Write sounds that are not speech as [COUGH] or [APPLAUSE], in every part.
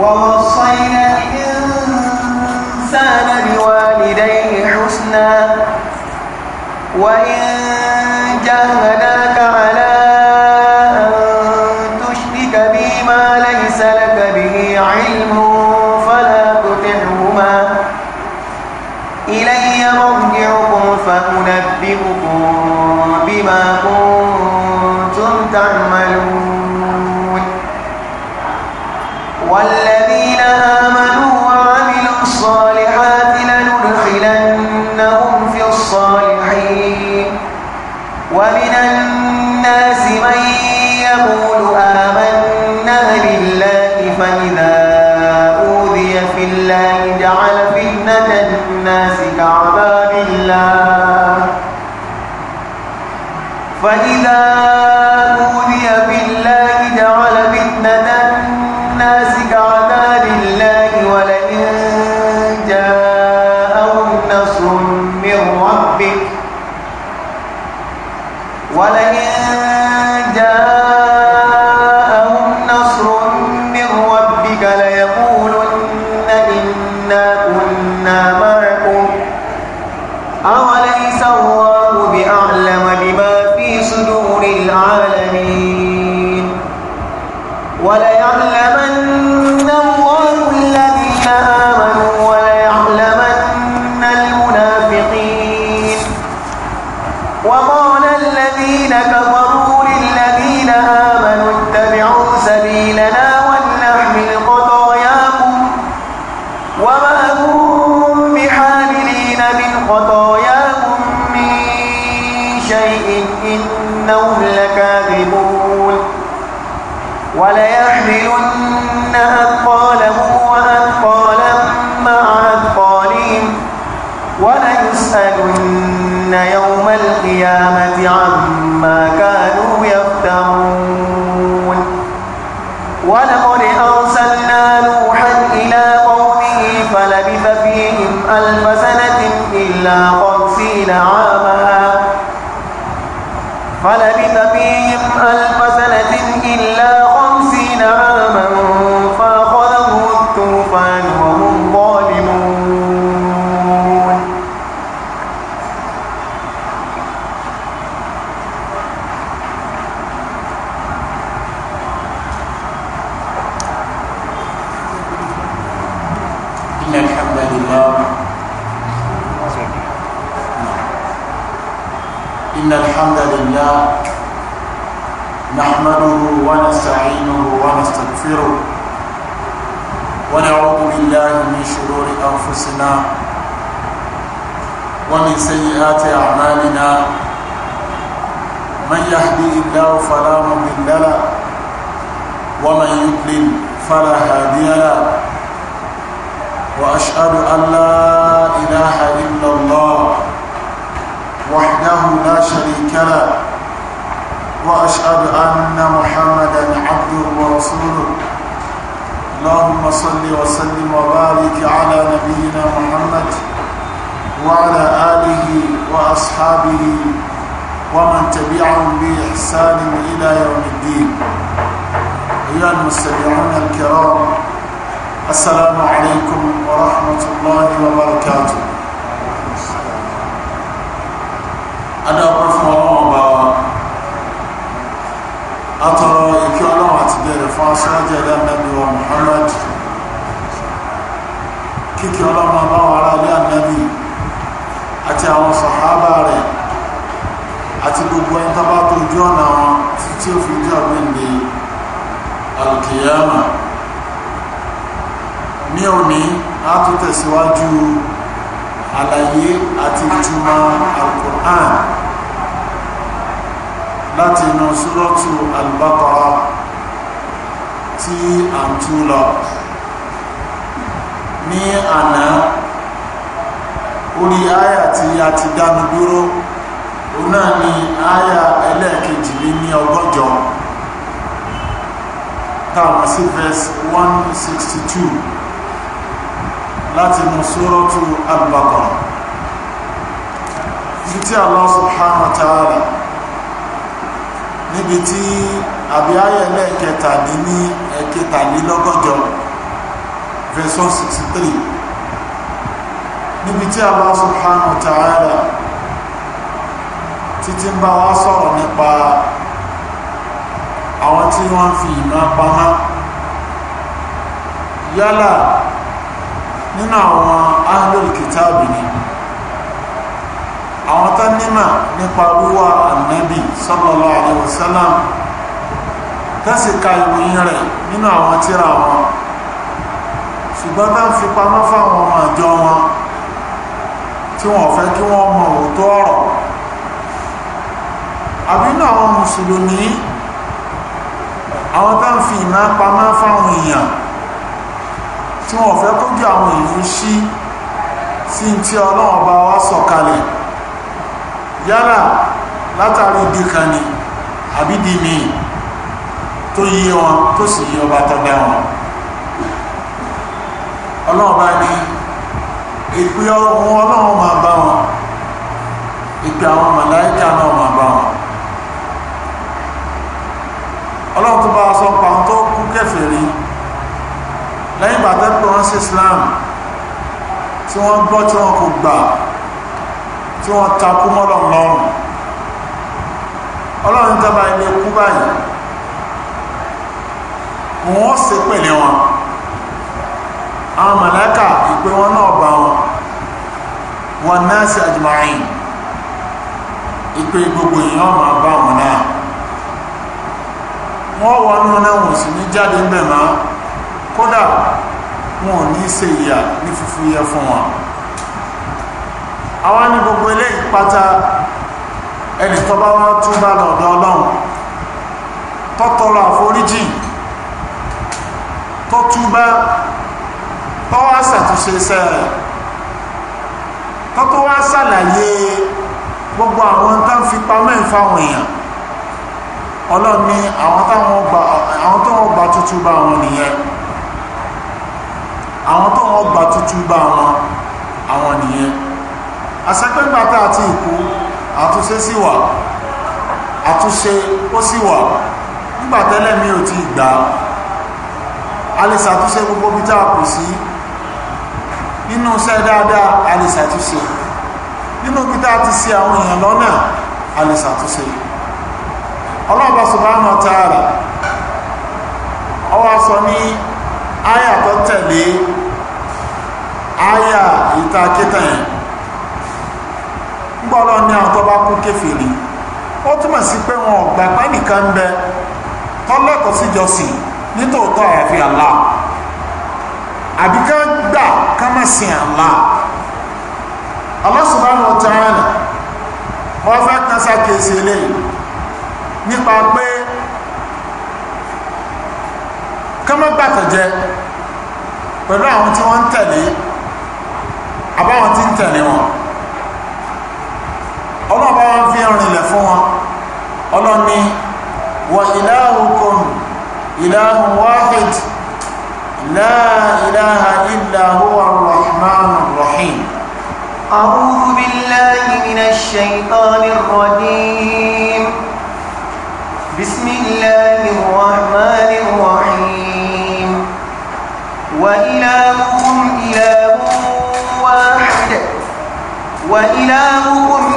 ووصينا الإنسان بوالديه حسنا وإن جاهداك ولقد أرسلنا نوحا إلى قومه فلبث فيهم ألف سنة إلا خمسين عاما فلبث فيهم ونعوذ بالله من شرور أنفسنا ومن سيئات أعمالنا من يهدي الله فلا مضل له ومن يضلل فلا هادي له وأشهد أن لا إله إلا الله وحده لا شريك له وأشهد أن محمدا عبده ورسوله اللهم صل وسلم وبارك على نبينا محمد وعلى آله وأصحابه ومن تبعهم بإحسان إلى يوم الدين أيها المستمعون الكرام السلام عليكم ورحمة الله وبركاته مساجد النبي ومحمد kíkì ọlọ́run ọba wọn ará ilé ànábì àti àwọn sàhábà rẹ̀ àti gbogbo ẹni tó bá tójú ọ̀nà wọn títí ó fi jẹ́ ọ̀gbìnde alkiyama ní òní a tún tẹ̀síwájú àlàyé àti ìtumọ̀ alkùnrán láti inú súrọ́tù albaqara tí à ń tú lọ ní àná orí àyà tí a ti dánu dúró òun náà ni àyà ẹlẹ́ẹ̀kejì lé ní ọgọ́jọ táwọn sí verse one sixty two láti mú sórọ́tù Al-Baqarah ibi tí Allah subhanahu wa ta'ala níbi tí àbí ayé ẹlẹ́ẹ̀kẹtàdínní ẹ̀kẹtàlélọ́gọ́jọ verse one 63, three níbi tí Allah subhanahu wa ta'ala títí ń bá wa sọ̀rọ̀ nípa àwọn tí wọ́n fi ìmọ̀ pa hàn yálà nínú àwọn ahlul kitabi ni àwọn tán nípa wíwá ànábì sallallahu alaihi tẹ́sì ka ìròyìn rẹ̀ nínú àwọn tíra wọn ṣùgbọ́n tá ń fi pamọ́ fáwọn ọmọ ìjọ wọn tí wọ́n fẹ́ kí wọ́n mọ òótọ́ ọ̀rọ̀ àbínú àwọn mùsùlùmí àwọn tá ń fi ìmọ̀ pamọ́ fáwọn èèyàn tí wọ́n fẹ́ kójú àwọn èèyàn sí sí tí ọlọ́run bá wá sọ̀kalẹ̀ yálà látàrí ìdí kan tó yí wọn tó sì yí ọba tó dá wọn ọlọ́run bá ní ìpè ọ̀hún ọlọ́run máa bá wọn ìpè àwọn màláìka náà máa bá wọn ọlọ́run tó bá wọn sọ pa ohun tó kú kèfèrí lẹ́yìn bàtà pé wọ́n sí Islam tí wọ́n gbọ́ tí wọ́n kò gbà tí wọ́n takú mọ́lọ̀ ọlọ́run tó bá ilé kú báyìí wọ́n ṣe pẹ̀lẹ́ wọn àwọn màláíkà ìpé wọn náà bá wọn wọn náà sí àjùmáyìn ìpé gbogbo èèyàn máa bá wọn náà wọ́n wọnú náà wọ́n sì ní jáde ń bẹ̀ máa kódà wọn ò ní ṣe ìyà ní fúfú yẹ fún wọn àwọn ní gbogbo eléyìí pátá ẹnì tó bá wọn tún bá lọ́dọ̀ ọlọ́run tọ́tọ́rọ àforíjì tó túbá tó wá ṣàtúnṣe iṣẹ́ rẹ̀ tó tó wá ṣàlàyé gbogbo àwọn tó ń fipá mẹ́fà àwọn èèyàn ọlọ́run ní àwọn tó wọ́n gba tuntun bá wọn nìyẹn àwọn tó wọ́n gba tuntun bá wọn àwọn nìyẹn àṣẹpẹ́gbàtà àti ìkú àtúnṣe sí wà àtúnṣe ó sì wà nígbàtẹ́lẹ̀ mi ò ti gbà á a lè ṣàtúnṣe gbogbo bí táà kù sí nínú iṣẹ́ dáadáa a lè ṣàtúnṣe nínú bí táà ti ṣe àwọn èèyàn lọ́nà a lè ṣàtúnṣe ọlọ́ọ̀bá subhanahu wa ta'ala ọwọ́ sọ ní áyà tó tẹ̀lé áyà ìta kíta yẹn ń gbọ́dọ̀ ní àwọn kú kéfèrè ó túmọ̀ sí pé wọn ò gbàgbá bẹ tọ́lẹ́kọ̀ọ́ síjọsìn nítòótọ́ àyàfi Allah àbí ká gbà ká má sin Allah Allah subhanahu wa ta'ala wọ́n fẹ́ kan sákèsí eléyìí nípa pé ká má gbàtọ̀jẹ pẹ̀lú àwọn tí wọ́n ń tẹ̀lé àbáwọn tí ń tẹ̀lé wọn ọlọ́ọ̀bá wọn fi rìnlẹ̀ fún wọn ọlọ́ni wa ilahukum إله واحد لا إله إلا هو الرحمن الرحيم أعوذ بالله من الشيطان الرجيم بسم الله الرحمن الرحيم وإلهكم إله واحد وإلهكم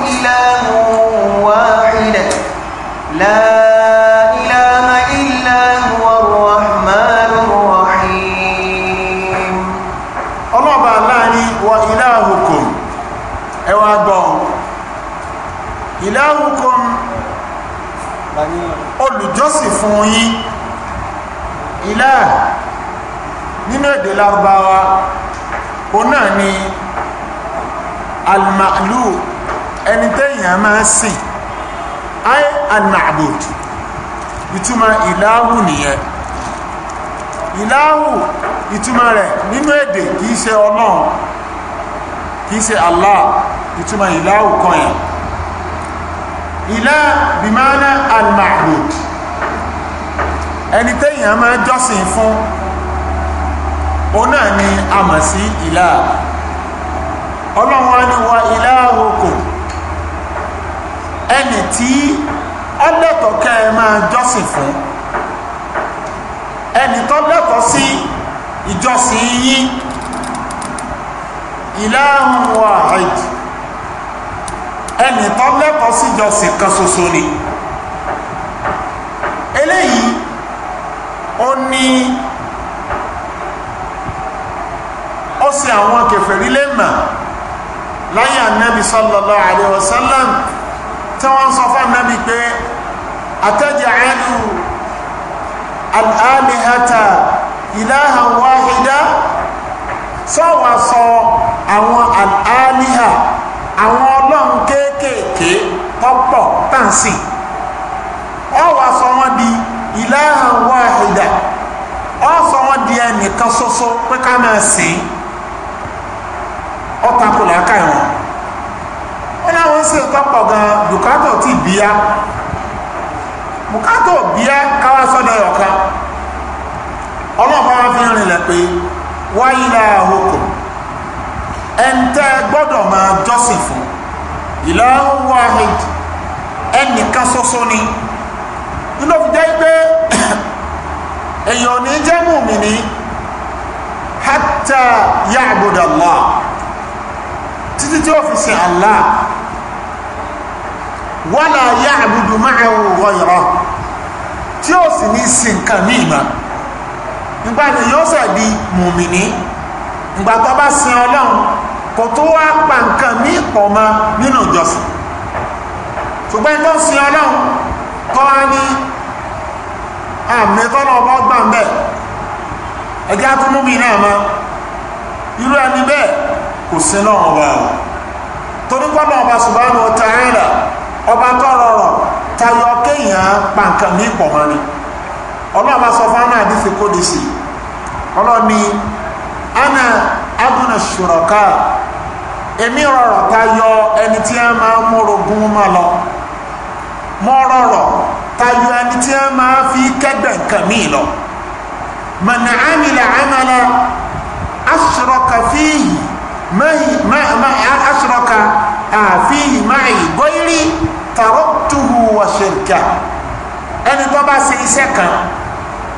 fún yín ilá nínú èdè lárúbáwá o náà ni alma'lu ẹni tẹ́yìn a máa sìn ayé alma'bud ìtumọ̀ ìláhù nìyẹn ìláhù ìtumọ̀ rẹ̀ nínú èdè kìí ṣe ọlọ́run kìí ṣe Allah ìtumọ̀ ìláhù kan yẹn ilá bimana alma'bud ẹni téèyàn máa jọ́sìn fún òun náà ni a mọ̀ sí ìlà ọlọ́run á wa ìlà okò ẹni tí ọlẹ́tọ̀ọ́ kẹ́ ẹ máa jọ́sìn fún ẹni tó lẹ́tọ̀ọ́ sí ìjọsìn yín ìlà ń wà ẹni tó lẹ́tọ̀ọ́ sí ìjọsìn kan ṣoṣo ni eléyìí ó ní ó sì àwọn kèfèrí lè mà láyé ànábì sallallahu alaihi wasallam tí wọ́n sọ fún ànábì pé ataj'alu al-alihata ilahan wahida sọ́wọ́ sọ àwọn al-aliha àwọn ọlọ́run kéékèèké pọ́pọ̀ tàǹsì ọ sọ wọ́n di ìlàhà wáhìdà ọ̀sọ̀ wọn di ẹnìkan ṣoṣo pé ká máa sìn ọ̀tàkùn làákà ìwọ̀n wọn láwọn ń ṣe nǹkan pọ̀ gan bùkátà tí bíyá bùkátà bíyá káwá sọ́dọ̀ ọ̀kan ọlọ́ọ̀fà wọn fi rìnlẹ̀ pé wáyìlá àhókò ẹ̀ńtẹ́ gbọ́dọ̀ máa jọ́sìn fún ìlàhà wáhìdà ẹnìkan ṣoṣo ni ló fi jẹ́ pé èèyàn ní jẹ́ mùmíní hatta ya'bud Allah títí tí ó fi sin Allah wala ya'budu ma'ahu ghayrahu tí ó sì ní sin nǹkan míì mọ́ nígbà tí yóò sẹ̀ di mùmíní ìgbà tó bá sin Ọlọ́run kò tó wá pa nǹkan míì pọ̀ mọ́ nínú ìjọsìn ṣùgbọ́n tó ń sin Ọlọ́run kọ́ á àmì tọ́nà ọba gbà ń bẹ̀ ẹjẹ́ atúmúbi náà mọ́ irú ẹni bẹ́ẹ̀ kò sí náà ọba ọba subhanahu wa ta'ala ọba tọrọ tayọ kéèyàn pa ní ìpọ̀ mọ́ni sọ fún sí ọlọ́ọ̀ni ana ṣùrọ̀ká èmi rọrọ̀ tayọ ẹni tí a tayọ ẹni tí wọ́n máa fi kẹ́gbẹ̀ nǹkan míì lọ mọ̀nà àmìlà àmàlà asọ̀rọ̀kà fíìyì asọ̀rọ̀kà àfíìyì máàyì gọ́yìrì tàrọ́tùhù wàṣẹ̀ǹkà ẹni tó bá ṣe iṣẹ́ kan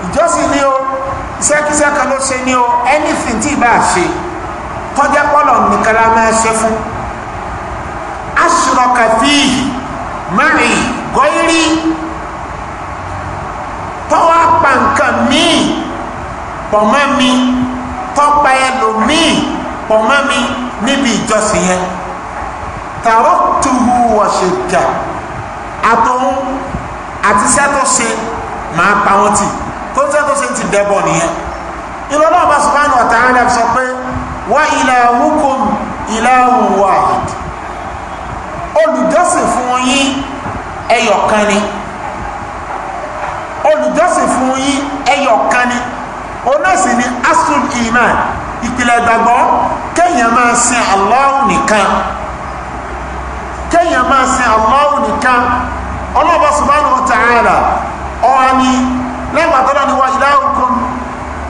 ìjọsìn ni o iṣẹ́kíṣẹ́ kan ló ṣe ni o anything tí ìbá ṣe tọ́jà pọ́lọ̀ nìkan la máa ṣe fún asọ̀rọ̀kà fíìyì máàyì tọ́wọ́ pa nǹkan míì pọ̀ mọ́ mi tọ́pa ẹlòmíì pọ̀ mi níbi ìjọsìn yẹn tààrọ́ tuhu wọ̀ṣẹ̀dà àtòun àti iṣẹ́ tó ṣe máa pa wọ́n tì tó ń iṣẹ́ tó ṣe ti dẹ́bọ̀ nìyẹn ìlọ́lọ́ ọba subhanahu wa ta'ala sọ pé wa ilahukum ilahun wahid olùjọ́sìn fún yín ẹyọ̀kan ni olùjọ́sìn fún yín ẹyọ kan ni òun náà sì ni asul iman ìpìlẹ̀ ìgbàgbọ́ kéèyàn máa sin Allah nìkan kéèyàn máa sin Allah nìkan ọlọ́ọ̀bá subhanahu wa ta'ala ọ̀hán ni lẹ́gbàá tọ́lá ni wá ilahukum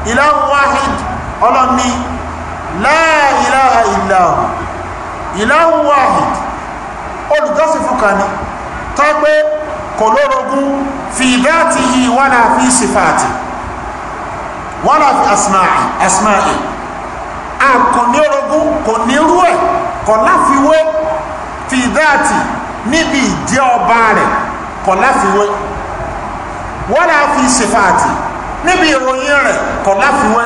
ilahu wahid ọlọ́ni la ilaha illahu wahid olùjọ́sìn fún kan ni tọ́ kò lórogún fi dhatihi wala fi sifati wala fi asma'i asma'i a kò ní orogún kò ní irú ẹ̀ kò láfiwé fi dhati níbi ìjẹ́ ọba rẹ̀ kò láfiwé wala fi sifati níbi ìròyìn rẹ̀ kò láfiwé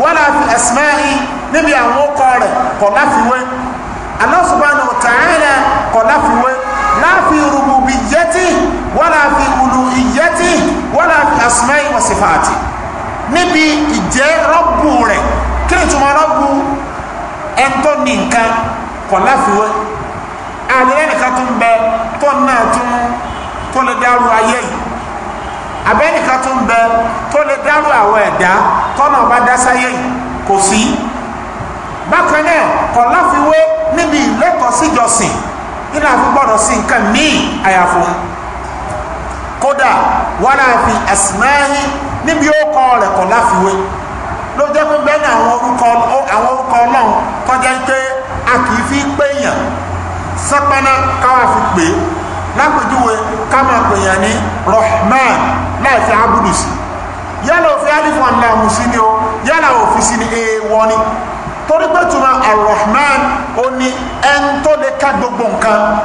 wala fi asma'i níbi àwọn ọkọ rẹ̀ kò láfiwé Allah subhanahu kò láfiwé láàfin rúgbùbì yẹtì wọ́lá fi wùlù ìyẹtì wọ́lá fi asma'i wa sifati níbi ìjẹ́ rọ́bù rẹ̀ kí ni túnmọ̀ rọ́bù ẹ̀ńtọ́ ní nǹkan kọ̀ láfiwé àlẹ́ nìkan tó ń bẹ tó náà tún tó lè dárú ayé yìí abẹ́nìkan tó ń bẹ tó lè dárú àwọn ẹ̀dá tọ́nà bá dá sáyé yìí kò sí bákan náà kọ̀ láfiwé níbi ìlẹ́kọ̀ọ́ síjọsìn nínú àfi gbọ́dọ̀ sí nǹkan míì àyàfo kódà wàhálà fi àsìmáhí níbi ó kọ rẹ̀ láfiwé ló jẹ́ pé bẹ́ẹ̀ àwọn orúkọ àwọn orúkọ ọlọ́run tọ́jà pé a kì fi péyàn sápáná káwá fi pè é lápèjúwe ká máa ní Rahman ni o yálà òfin sí ni ni. torí pé tuma arrahman ó ní ẹni tó lè ká gbogbo nǹkan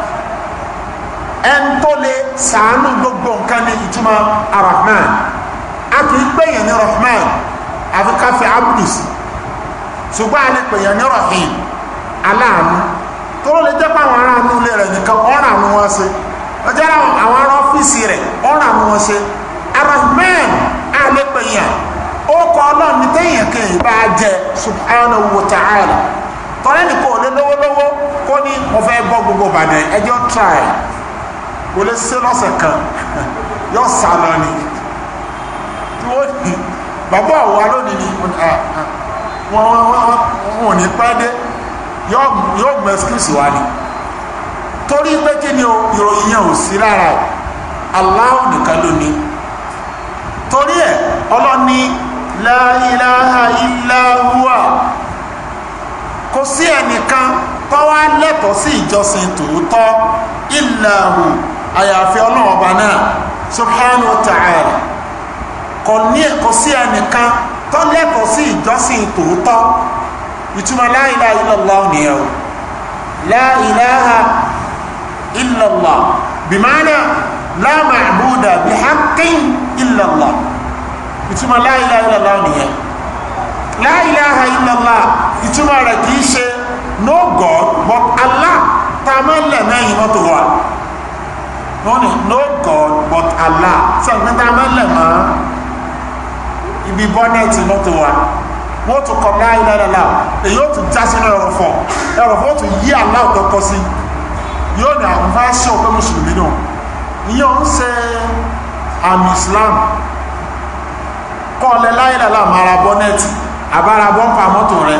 ẹni tó lè sàánú gbogbo nǹkan ní ìtumọ̀ arrahman a kì í pèyàn ní rahman àfi ká fi abdu sí ṣùgbọ́n a lè pèyàn ní rahim aláàánú tó lè jẹ́ pé àwọn ará inú ilé rẹ̀ nìkan ọ̀ràn àánú wọn ṣe ọjọ́ àwọn ará ọ́fíìsì rẹ̀ ọ̀ràn àánú wọn ṣe arrahman a lè pèyàn ó kọ ọlọ́run ní téèyàn kan yìí bá jẹ subhanahu wa ta'ala tọ́lẹ́ nìkan ò lé lọ́wọ́lọ́wọ́ kó ní mo fẹ́ gbọ́ gbogbo ìbàdàn ẹjọ́ try kò lè ṣe lọ́sẹ̀ kan [LAUGHS] yọ sá lọ ni bàbá àwa lónìí ni wọn ah, ah. ò ní pẹ́ dé yóò gbọ́ excuse wa ni torí pé kí ni ìròyìn yẹn ò sí rárá o nìkan ló torí ẹ̀ ọlọ́ni la ilaha illa huwa kò sí ẹnìkan tó wá lẹ́tọ̀ọ́ sí ìjọsìn tòótọ́ illa hu àyàfi ọlọ́run ọba náà subhanahu wa ta'ala kò ní kò sí ẹnìkan tó lẹ́tọ̀ọ́ sí ìjọsìn tòótọ́ ìtumọ̀ la ilaha illallah nìyẹn o la ilaha illallah bìmánà la ma'buda bihaqqin illallah ìtumọ̀ la ilaha nìyẹn la ilaha illallah ìtumọ̀ rẹ̀ kì ṣe no god but allah tá a máa lẹ̀ mẹ́yìn mọ́tò wa wọ́n ní no god but allah sẹ́yìn tá a máa ń lẹ̀ mọ́ ibi bọ́nẹ́ẹ̀tì mọ́tò wa wọ́n tún kọ́ la ilaha illallah èyí ó tún já sínú ẹrọ̀fọ̀ ẹrọ̀fọ̀ ó tún yí allah kọ́kọ́ sí yóò ní àwọn fáṣọ pé mùsùlùmí náà ìyẹn ń ṣe àmì islam kọ́ọ̀lẹ́ láìláìlá mara bọ́nẹ́ẹ̀tì àbára bọ́ǹpà mọ́tò rẹ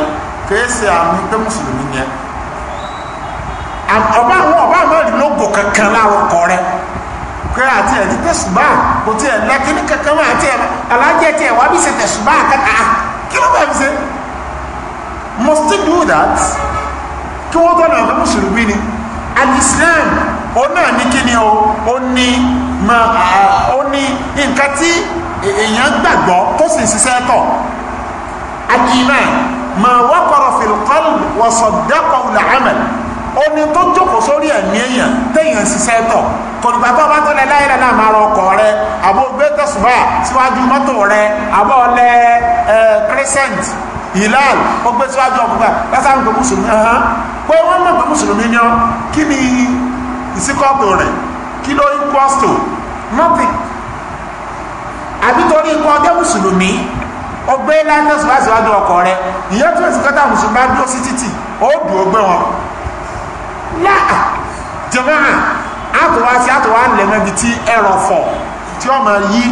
kèése àmì pé mùsùlùmí ni ẹ ọba àwọn ọba àmọ́rin lógo kankan láwọkọ rẹ pé àti ẹ̀ ní tẹ̀sùbá kò tí ẹ̀ lákínní kankan máa àti ẹ̀ alájẹ́ tí ẹ̀ wá bí ṣe tẹ̀sùbá kankan ah, kí ló bẹ̀ fi ṣe must still do that kí wọ́n tọ́nà ọ̀gá mùsùlùmí ni al-Islam ó náà ní kí ni o ah, ó ní nǹkan tí èèyàn gbàgbọ́ tó sì ṣiṣẹ́ tọ̀ akiman ma waqara fil qalb wa saddaqa al-amal oní tó jókòó sórí ẹ̀mí èèyàn téèyàn ṣiṣẹ́ tọ̀ kòtùgbà tó bá tọ́lẹ̀ láìrẹ̀ náà máa rọ ọkọ̀ rẹ àbó gbé tẹ̀sùbà síwájú mọ́tò rẹ àbọ̀ lẹ ẹ crescent hilal ó gbé síwájú ọkùnkà lásán gbé mùsùlùmí ẹ̀hán pé wọ́n mọ̀ pé mùsùlùmí yan kí ni ìsíkọ́tò rẹ̀ kí ló ń kọ́stò nothing àbí torí ikú ọjọ́ mùsùlùmí ọgbẹ́ láńdọ́sì wá síwájú ọkọ̀ rẹ ìyá tó ti kọ́tà mùsùlùmí bá dúró sí títì ó dùn ó gbé wọn. láà jọba àtọwá sí àtọwá ńlẹ̀ mẹ́bi tí ẹ̀rọ fọ̀ tí wọ́n máa yí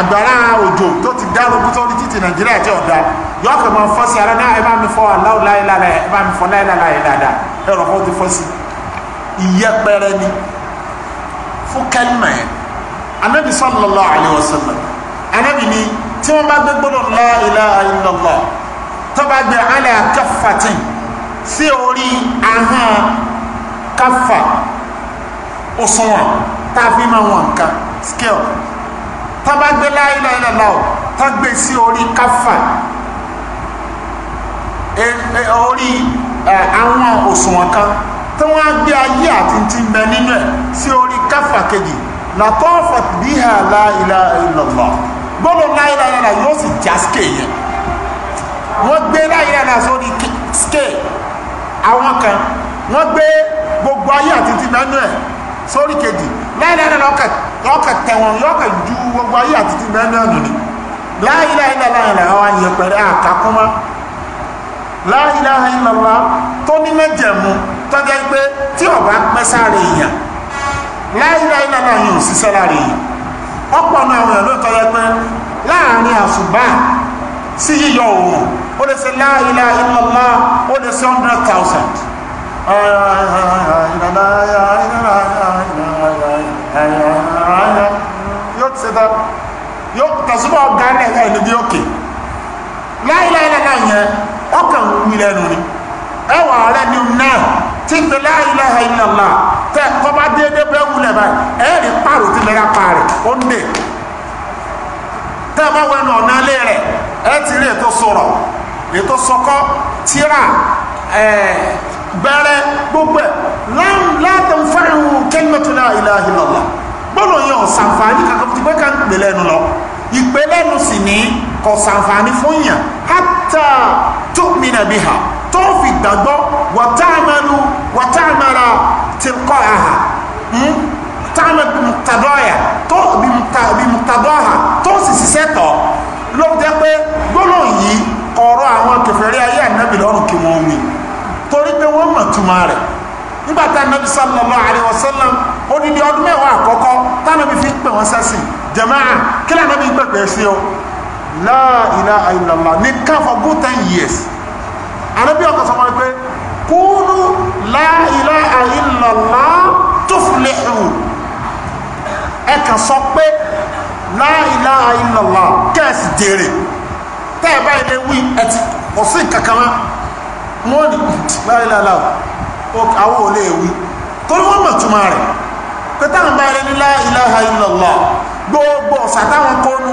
àgbàrá òjò tó ti dárogún tó ní títì nàìjíríà tí ọ̀dà yọ ọkọ̀ máa fọ́ sí ara náà ẹ bá mi fọ́ aláwọ̀ láìláìlá ẹ bá mi fọ́ láìláìlá ẹ dáadáa ẹ̀rọ fọ́ ti fọ́ sí ìyẹpẹrẹ ni fún kẹ́lìmọ̀ yẹn anábì sallallahu alaihi wasallam anábì ni tí wọ́n bá gbé gbọ́dọ̀ la ilaha illallah tó bá gbé ala kaffatin sí orí ahọ́n káfà òṣùwọ̀n tá a fi máa wọn nǹkan scale tá a bá gbé la ilaha illallah tó gbé sí orí káfà e, e, orí àwọn e, òṣùwọ̀n kan tí wọ́n á gbé ayé àti ti bẹ nínú ẹ̀ sí orí káfà kejì látọ́ fàtìbíhà la ilaha illallah gbọ́dọ̀ láìláìláìlá yóò sì já scale yẹn wọ́n gbé láìláìlá sórí scale àwọn kan wọ́n gbé gbogbo ayé àti ti mẹ́nu ẹ̀ sórí kejì láìláìlá lọ́kẹ̀ tẹ̀wọ̀n lọ́kẹ̀ ju gbogbo ayé àti ti mẹ́nu ẹ̀ nù ni láìláìláìláìlá wa yẹ pẹ̀lẹ́ àkàkúmọ́ láìláha ìlàlá tó ní mẹ́jẹ̀mú tọ́jẹ́ pé tí ọba pẹ́ sáré èèyàn láìláìláìlá yìí ò síṣẹ́ láre èèyàn ọ̀pọ̀ náà àwọn èèyàn ló tọ́ yẹ pé láàrin àṣùbà sí yíyọ òòrùn ó lè ṣe la ilaha illallah ó lè ṣe hundred thousand yóò ti ṣe tán yóò tẹ̀síbọ̀ ọ̀gá ní ẹ̀ka ìlú bí òkè la ilaha illallah yẹn ọkàn ń wí lẹ́nu ni ẹwà rẹ̀ ni náà tí ń pè la ilaha illallah tẹ tọ́ba déédé bẹ́ẹ̀ wulẹ̀ báyìí ẹ̀ẹ́dì pààrọ̀ ti lẹ́ra pa rẹ̀ ó ń dè tẹ́ ẹ bá wẹnu ọ̀nà alẹ́ rẹ̀ ẹ ti rí ètò sọ̀rọ̀ ètò sọkọ́ tíra bẹ̀rẹ̀ gbogbo ẹ̀ látàn fáwọn kẹ́lẹ́mẹ́tìlá ilaha illallah gbọ́dọ̀ yẹn ọ̀sànfààní kankan ti gbé ká ń pè lẹ́nu lọ ìpè lẹ́nu sì ní kọ̀sànfààní fún yàn hátà tó mìíràn bí ha. Hmm? tó fi gbàgbọ́ wàtàmàlú wàtàmàrà tìkọ́ àhà tàmàlú mùtàdọ́yà tó bí mùtàdọ́hà tó sì ṣiṣẹ́ tọ̀ ló jẹ́ pé gbọ́nà yìí ọ̀rọ̀ àwọn kẹfẹ̀rí ayé ànábì lọ́rùn kí wọ́n wí torí pé wọ́n mọ̀ túmọ̀ rẹ̀ nígbà tá ànábì sallallahu alaihi wasallam odidi ọdún mẹ́wàá àkọ́kọ́ tánàbì fi ń wọ́n sẹ́sìn jàmáà kí lànàbì gbẹ̀gbẹ̀ sí o la ilaha ní káfọ́ good àrẹ́bí ọkọ̀ sọmọ pé kúrú la ilaha illallah tuflihu ẹ̀kà sọ pé la ilaha illallah kẹ́ẹ̀sì jèrè tẹ́ẹ̀bá ilé wí ẹ̀tì kò sí kankan wọ́n ní la ilaha illallah àwọn ò lè wí torí wọ́n mọ̀ túmọ̀ rẹ̀ pé táwọn bá rẹ ní la ilaha illallah gbogbo ọ̀sà táwọn kónú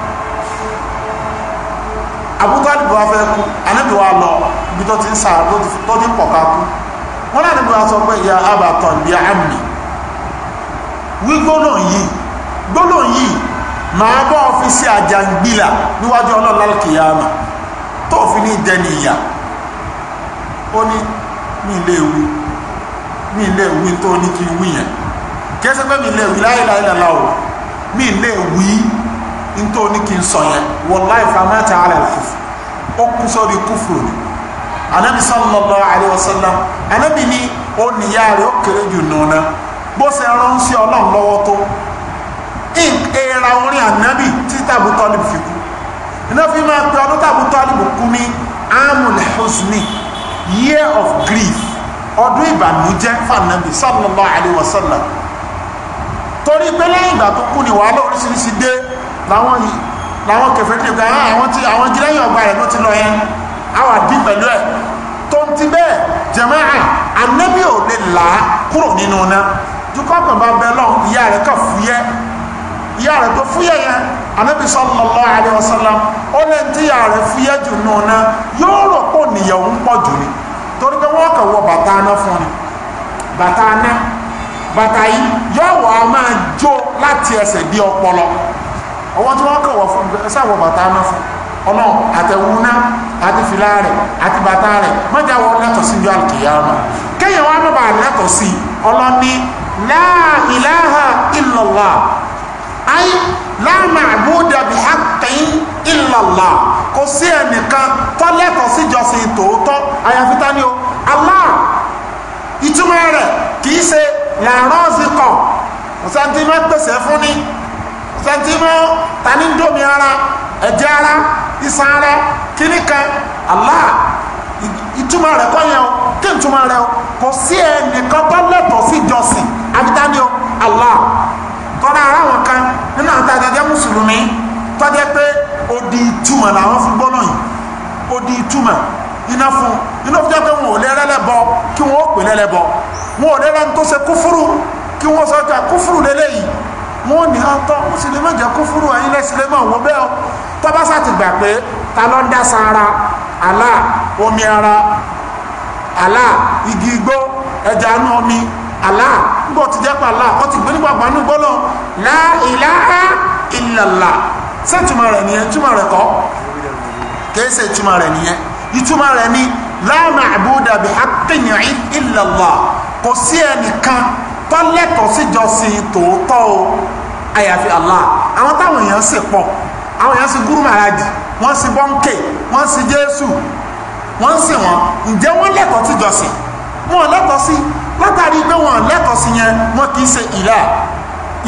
abúgbàdì bó wá fẹ́ kú ànábì wa lọ ibi tó ti ń sàrò tó ti ń pọ̀ ká kú wọn láti bí wa sọ pé ìyá abatọ̀ ìyá àmì wí gbólóhùn yìí gbólóhùn yìí màá bọ́ ọ́fíìsì àjàngbìlà níwájú ọlọ́ọ̀lá kìyàmà tó fi ní dẹni ìyà ó ní mi lè wí mi lè wí tó ní kí n wí yẹn kí ẹ pé mi lè wí láyé láyé lálá o mi lè wí ntọ́ ní kí n sọ yẹn wallahi famata ala al-kufr ó kú sórí kúfù ni anabi sallallahu alayhi wa sallam anabi ni ó níyà rẹ̀ ó kéré jù nùnà bó ṣe ránṣẹ́ ọlọ́run lọ́wọ́ tó ìkẹyẹra orin anabi tí tàbí tọ́lìbù fi kú iná fi máa pe ọdún tàbí tọ́lìbù kú ní amul husni year of grief ọdún ìbànújẹ́ fànàbì sallallahu alayhi wa sallam torí pé lẹ́yìn ìgbà tó kú ni wàhálà oríṣiríṣi dé làwọn làwọn kẹfẹ́rí ìgbà náà ah, àwọn tí àwọn gílẹ́yìn ọgbà rẹ̀ ló ti lọ yẹn àwọn àdí pẹ̀lú ẹ̀ tó ń ti bẹ́ẹ̀ jàmáà ànábì ò lè là á kúrò nínú náà dukọ́ kan bá bẹ lọ́hùn ìyá rẹ̀ kà fúyẹ́ ìyá rẹ̀ tó fúyẹ́ yẹn ànábì sallallahu alaihi wasallam ó lè ti ìyá rẹ̀ fúyẹ́ jù nù náà yóò rò pò nìyẹ̀wò ń pọ̀ jù ni torí pé wọ́n kàn wọ bàtà náà fún ni bàtà náà bàtà yìí yóò wà á máa jó láti ẹsẹ̀ bí ọpọlọ ọwọ́ tí wọ́n kàn wọ́n fún ẹsàwọ̀ bàtà náà fún ọmọ àtẹ̀wúná àti fìlà rẹ̀ àti bàtà rẹ̀ mọ́jà wọ́n lẹ́tọ̀ sí yọ àlùkìyàmà kéèyàn wá bàbà lẹ́tọ̀ sí ọlọ́ni la ilaha illallah ayé la ma'buda bihaqqin illallah kò sí ẹnìkan tó lẹ́tọ̀ sí jọ́sìn tòótọ́ àyàfi tani o Allah ìtumọ̀ rẹ̀ kì í ṣe làrọ́ọ̀sì kan ọ̀sẹ̀ tí wọ́n pèsè fún ni sẹ́ntímọ́ tani ń dòmí ara ẹ̀jẹ̀ ara iṣan ara kíní kan Allah ìtumọ̀ rẹ̀ kọ́ yẹn o kí n túmọ̀ rẹ̀ o kò sí ẹnìkan tó lẹ́tọ̀ọ́ sí jọ́sìn abidani o Allah tọ́lá ara wọn kan nínú àwọn tàbí ẹjẹ́ mùsùlùmí tọ́jẹ́ pé odi ìtumọ̀ làwọn fi gbọ́nà yìí odi ìtumọ̀ iná fún iná fún jẹ́ pé wọn ò lè rẹ́lẹ́bọ kí wọn ó pè lẹ́lẹ́bọ wọn ò lè rẹ́ni tó ṣe kúfúrú kí wọn sọ ọjà wọn ò ní atọ́ ó sì lè má jẹ́ kó fúrú ẹ̀yin lẹ́sìn lè má wọ bẹ́ẹ̀ o tọ́básà ti gbà pé ta ló ń dá san ara àlá omi ara àlá igi igbó ẹja anú omi àlá gbọ́ ti jẹ́ pa àlá ọ ti gbé nígbàgbọ́ anú gbọ́lọ̀ la ilaha ṣé ìtumọ̀ rẹ̀ nìyẹn ìtumọ̀ rẹ̀ kọ́ kìí ṣe ìtumọ̀ rẹ̀ nìyẹn ìtumọ̀ rẹ̀ ni la ma'buda bihaqqin illallah kò sí ẹnìkan tọ́lẹ́tọ̀ síjọsìn tòótọ́ o àyàfi Allah àwọn táwọn èèyàn sì pọ̀ àwọn èèyàn sì gúrú màràjì wọ́n sì bọ́ńkè wọ́n sì Jésù wọ́n sì wọ́n ǹjẹ́ wọ́n lẹ́tọ̀ọ́ ti jọ́sìn wọn lẹ́tọ̀ọ́ sí látàrí pé wọn lẹ́tọ̀ọ́ sí yẹn wọn kì í ṣe ìlà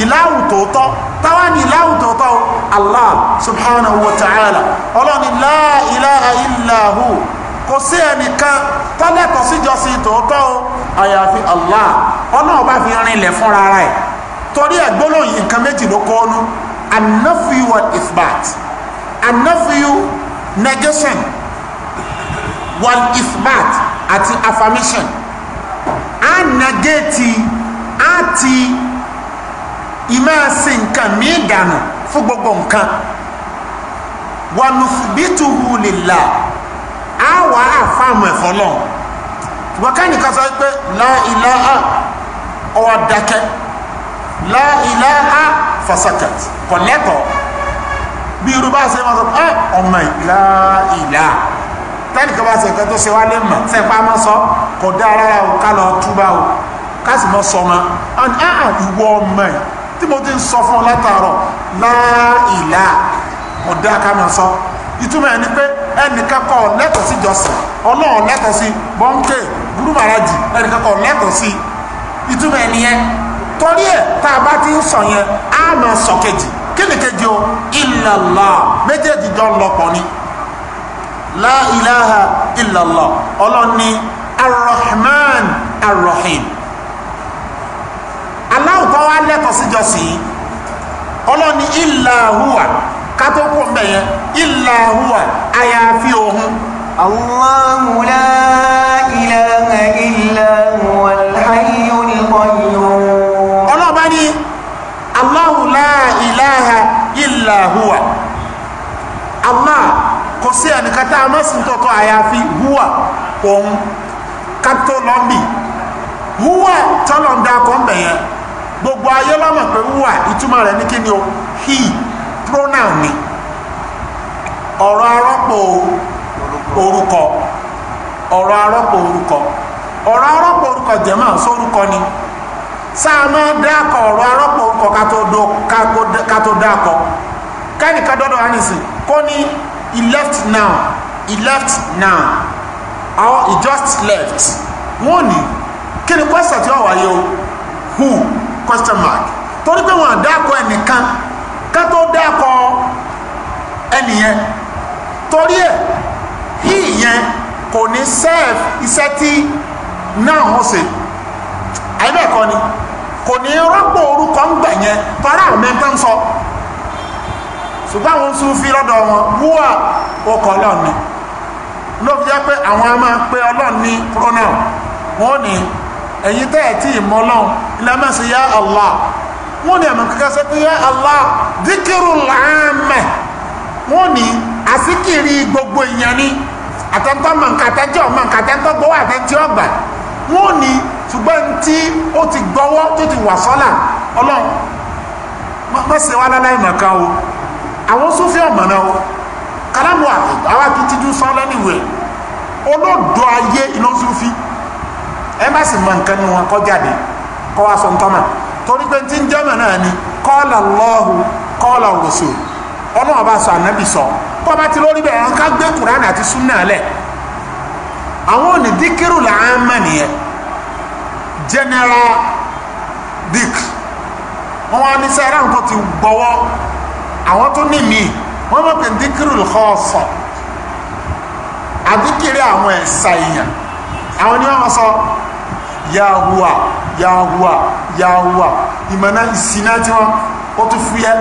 ìláhù tòótọ́ táwa ní ìláhù tòótọ́ Allah subhanahu wa ta'ala ọlọ́ni la ilaha illa hu kò sí ẹnìkan tọ́lẹ́tọ̀ọ́ sí jọ́sìn tòótọ́ àyàfi Allah ọlọ́run fi rinlẹ̀ fúnra rẹ̀ torí àgbọ́lọ̀ nǹkan méjì ló kọ́ ọ́nú anafiyu wa ifbat anafiyu negation wal ifbat àti affirmation a negate a ti ìmáàsì nǹkan míì dànù fún gbogbo nǹkan wa nuthbituhu lillah a wà á fáàmù ẹ̀fọ́ náà wọ́n ká nìkan sọ pé la ilaha ọ̀dàkẹ́ láìláha fasakat kọ̀lẹ́kọ̀ọ́ bí irú bá ṣe máa sọ ẹ ọmọ ìláìlá tẹ́nìkan bá ṣe nǹkan tó ṣe wá lè mọ̀ sẹ́pá máa sọ kò dá rárá o ká lọ túbá o ká sì máa sọ ọmọ and ah ìwọ ọmọ yìí tí mo ti ń sọ fún ọ látàárọ̀ láìlá kò dá ká máa sọ ìtumọ̀ ẹni pé ẹnìkan kò lẹ́tọ̀ọ́ sí jọ́sìn ọlọ́run lẹ́tọ̀ọ́ sí bọ́ńkè burúkú àràjì ẹnìkan kò lẹ́tọ̀ọ́ sí ìtumọ̀ ẹni yẹn torí ẹ̀ tá a bá ti ń sọ yẹn á máa sọ kejì kí ni kejì o illallah méjèèjì jọ ń lọpọ̀ ni la ilaha illallah ọlọ́ni arrahman arrahim aláwùtọ́ wa lẹ́kọ̀ọ́ síjọsìn yìí ọlọ́ni ìlàhùwà kátókò mẹ́yẹ ìlàhùwà àyàfi ohun. Allahu la ilaha illa huwa allah kò sí ẹnìkan tá a má sì ń tọ́tọ́ àyàfi huwa òun kátó lọ́mbì huwa tọ́lọ̀ ń da kọ́ ń bẹ̀yẹn gbogbo ayé lọ́mọ̀ pé huwa ìtumọ̀ rẹ̀ ní kíni o he pronoun ni ọ̀rọ̀ arọ́pò orúkọ ọ̀rọ̀ arọ́pò orúkọ ọ̀rọ̀ arọ́pò orúkọ jẹ̀mọ́ sórúkọ ni sáà máa dákọ̀ ọ̀rọ̀ arọ́pò orúkọ ká dákọ̀ kẹ́nìkan dọ́dọ̀ wá nìsín kó ní he left now he left now or he just left wọ́n ní kí ni question tí wọ́n wáyé o who question mark torí pé wọ́n àdákọ ẹnìkan ká tó dákọ ẹnìyẹn torí ẹ̀ he yẹn kò ní serve iṣẹ́ tí náà wọ́n ṣe àyẹ̀bẹ̀ kọ́ ni kò ní rọ́pò orúkọ ń gbẹ̀yẹn tọ́ra àmẹ́ta ń sọ. So ṣùgbọ́n àwọn Sufi lọ́dọ̀ wọn wúwà ọkọ̀ ọlọ́ọ̀ni ló fi jẹ́ pé àwọn a máa pe ọlọ́ọ̀ni pronoun wọ́n ní ẹ̀yin tẹ́ ẹ̀ tí ì mọ ọlọ́run ilẹ̀ máa ṣe yá Allah wọ́n ní ẹ̀mọ̀ kankan sẹ́kún yá Allah díkìrù làámẹ̀ wọ́n ní àsìkiri gbogbo èèyàn ni àtẹ́ntọ́ mọ̀ nǹkan àtẹ́jọ́ mọ̀ nǹkan àtẹ́ntọ́ gbowó àtẹ́ntí ọgbà wọ́n ní ṣùgbọ́n tí ó ti gbọ́wọ́ tó ti wà sọ́là ọlọ́run má ṣe wá láláì mọ̀kan o àwọn sófin ọ̀mọ̀nà o kálámù àwọn akitijú sán lẹ́nìwẹ̀ olóòdó ayé iná súnfí ẹ má sì mọ nǹkan ni wọn kọ́ jáde kọ́ wá sọ ń tọ́mà torí pé tí ń jẹ́mọ̀ náà ni kọ́ọ̀lá lọ́ọ̀hù kọ́ọ̀lá òrùsù ọlọ́run bá sọ ànábì sọ kọ́ bá ti lórí bẹ́ẹ̀ ká gbé kùránì àti súnà lẹ̀ àwọn òní díkírù là á mọ̀ nìyẹn general dick wọn wá ní sẹ́ráhùn tó ti gbọ́wọ́ àwọn tó ní mi wọ́n mọ̀ pé díkìrì lọ́ọ̀sọ̀ àdíkìrì àwọn ẹ̀sà èèyàn àwọn ni wọ́n mọ̀ sọ yahuwa yahuwa yahuwa ìmọ̀nà ìsìnà tí wọ́n ó tún fúyẹ́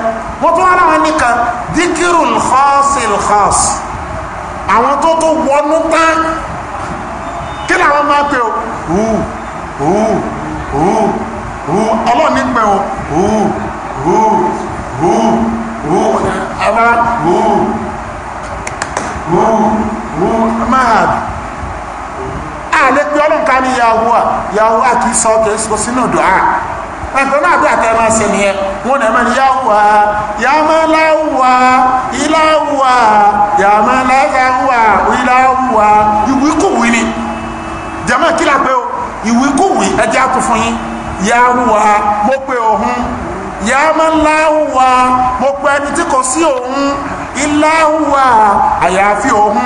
wọ́n tún ara wọn nìkan díkìrì lọ́ọ̀sì lọ́ọ̀sì àwọn tó tó wọnú tán kí làwọn máa pè ó hù hù hù hù ọlọ́ọ̀ni pè ó hù hù hù wúù ẹwà wúù wúù wúù máa àlẹ́ pé ọlọ́run ká ní yahoo à yahoo à kì í sọ kì í sọ sínú dùn á ẹ̀tọ́ náà bí àtẹ́ máa ṣe nìyẹn wọn náà máa ní yahoo à yàmọ́ láwùwà ìlàwùwà yàmọ́ láwùwà ìlàwùwà ìwé kùwì ni jẹ́mọ́ kí la pé o ìwé kùwì ẹjẹ́ àtúfún yín yahoo yàmàláhùwà mo pe ẹni tí kò sí òun ìláhùwà àyàfi òun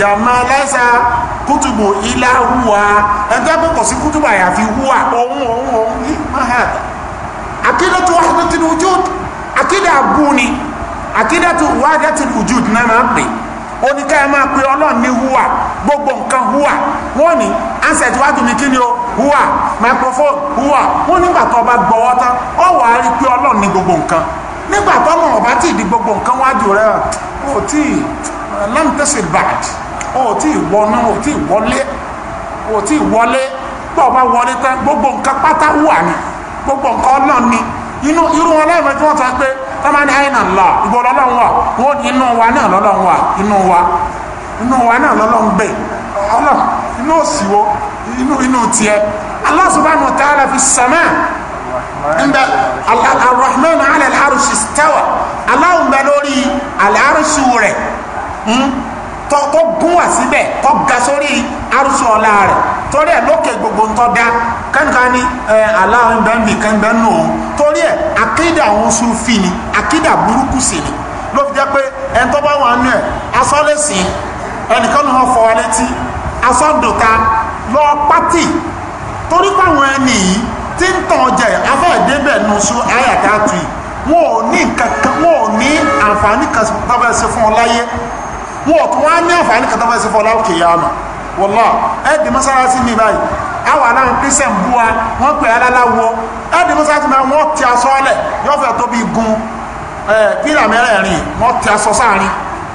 yàmàláṣà kútùbù ìláhùwà ẹgbẹ́ pé kò sí kútùbù àyàfi hùwà òun òun òun ní mahad akídàtú wahdatul wujud akídà abúni akídàtú wahdatul wujud náà máa pè oníkà ẹ máa pe ọlọ́run ní gbogbo nǹkan hùwà wọ́n ní ansẹ̀tì wájú mi kí ni o hùwà microphone hùwà wọ́n nígbà tó bá gbọ́wọ́ tán ọ wà á rí pé ọlọ́run ní gbogbo nǹkan nígbà tó mọ̀ ọ̀bá tí ì di gbogbo nǹkan wájú rẹ̀ ò tí ì lámìtẹ́sẹ̀ bàd ò tí ì wọnú ò tí ì wọlé ò tí ì wọlé tó bá wọlé tán gbogbo nǹkan pátá hùwà ni gbogbo nǹkan ọlọ́run ni inú irú wọn lẹ́yìn tí wọ́n sọ pé tọ́mọ ní àyìnà lọ ìgbọ́ lọ́lọ́run wà wọ́n inú wa náà lọ́lọ́run wà inú wa inú wa náà lọ́lọ́run gbé ọlọ́ inú òsìwò inú inú tiẹ̀ Allah subhanahu wa ta'ala fi sàmà ńbẹ arahman ala alárùsì stawa Allah ń bẹ lórí alárùsì rẹ̀ hmm? tó gún wá síbẹ̀ tó ga sórí arúsù ọ̀la rẹ̀ torí ẹ̀ lókè gbogbo ńtọ́ dá kẹ́nìkan ní Allah ń bẹ nbì kan bẹ́ nù ọ́n torí ẹ̀ akídà àwọn Sufi ni akídà burúkú sí ni ló fi jẹ́ pé ẹ̀ bá wà nù ẹ̀ asọ́lẹ̀sìn ẹnìkan náà fọ wa létí asọ́dùnka lọ pátì torí páwọn ẹni yìí tí ń tàn jẹ afẹ́ẹ̀dẹ́bẹ̀ nu sọ ayàtà tù yìí wọn ò ní kankan wọn ò ní àǹfààní kan tó bẹ́ẹ̀ ṣe fún ọ láyé wọn ò tún wá ní àǹfààní kan tó bẹ́ẹ̀ ṣe fún ọ láwùjọ yà mà wọlọ ẹ̀ẹ́dì mọ́sálásí mi báyìí àwọn aláwọn kristian bua wọn pè aláláwo ẹ̀ẹ́dì mọ́sálásí mi wọn ti aṣọ ọlẹ̀ yọ̀ọ́fẹ́ tó bí gun pílà mẹ́rẹ̀ẹ̀rin wọn ti aṣọ sáàrin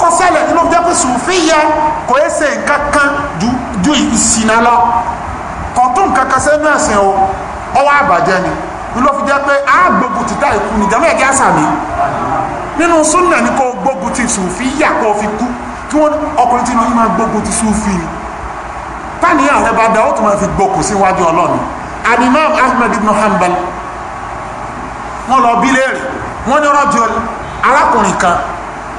kọ́sẹ̀lẹ̀ nínú jẹ́ pé sùfíyà kò é ṣe nǹkan kan ju ìsìnà lọ kò tó nǹkan kan sẹ́nu ẹ̀sìn o ọwọ́ àbàjẹ́ ni ló fi jẹ́ pé a gbógun ti dá ikú ni jàmọ́ ẹ̀gẹ́ àsàmì nínú súnà ni kò gbógun ti sùfíyà kò fi kú kí wọ́n ọkùnrin tí wọ́n máa gbógun ti sùfí ni táníyàn rẹ bá da ó tún máa fi gbókùn síwájú ọlọ́run Al-Imam Ahmad ibn Hanbal wọ́n lọ bí léèrè wọ́n ní rọ́jò arákùnrin kan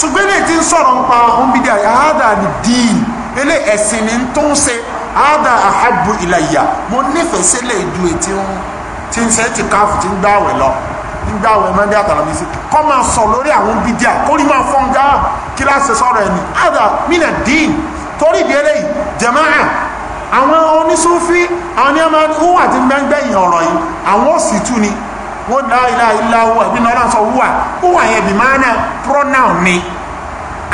ṣùgbọ́n ilé tí ń sọ̀rọ̀ ń pa ọ̀hún bí díà àádà ni díìn ilé ẹ̀sìn ni tó ń ṣe àádà àhábù ìlàyà mo nífẹ̀ẹ́ sí ilé ìdú ètí tí ń ṣe ti káàfù tí ń gbàwẹ̀ lọ ń gbàwẹ̀ mọ́ndé àtàlámí sí kọ́ máa sọ lórí àwọn bí díà kó rí máa fọ́n gá kíláàsì sọ̀rọ̀ ẹni àádà mínà díìn torí ìdílé yìí jẹ̀máà àwọn onísúfí àwọn ní wọ́n dá ilá ilá wà bí náà sọ wúwà wúwà yẹn bí máa náà pronoun ni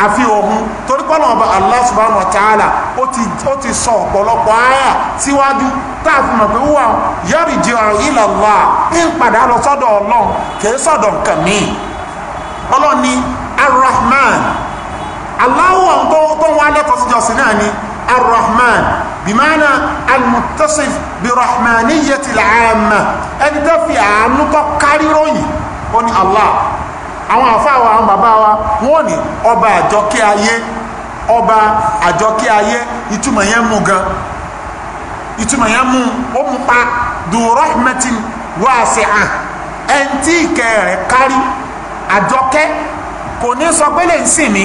àfi ohun torí pé ọlọ́run ọba Allah subhanahu wa ta'ala ó ti ó ti sọ ọ̀pọ̀lọpọ̀ àyà síwájú tá a fi mọ̀ pé wúwà yọrì jẹ ọ̀rọ̀ ila Allah ń padà lọ sọ́dọ̀ ọlọ́run kì í sọ̀dọ̀ nǹkan míì ọlọ́run ni arrahman aláwọ̀ tó ń wá lẹ́kọ̀ọ́ síjọsìn náà ni arrahman bìmánà almutasif birahmaniyati al'amma ẹni tó fi àánú tó kárí ròyìn ó ní allah àwọn àfáàwọ̀ àwọn bàbá wa wọ́n ní ọba àjọkẹ́ ayé ọba àjọkẹ́ ayé ìtumọ̀ yẹn mú gan ìtumọ̀ yẹn mú ó mú pa dùrọ́hìmẹ́tì wasi'a ẹni tí ìkẹ́ rẹ̀ kárí àjọkẹ́ kò ní sọ pé lè ń sìn mí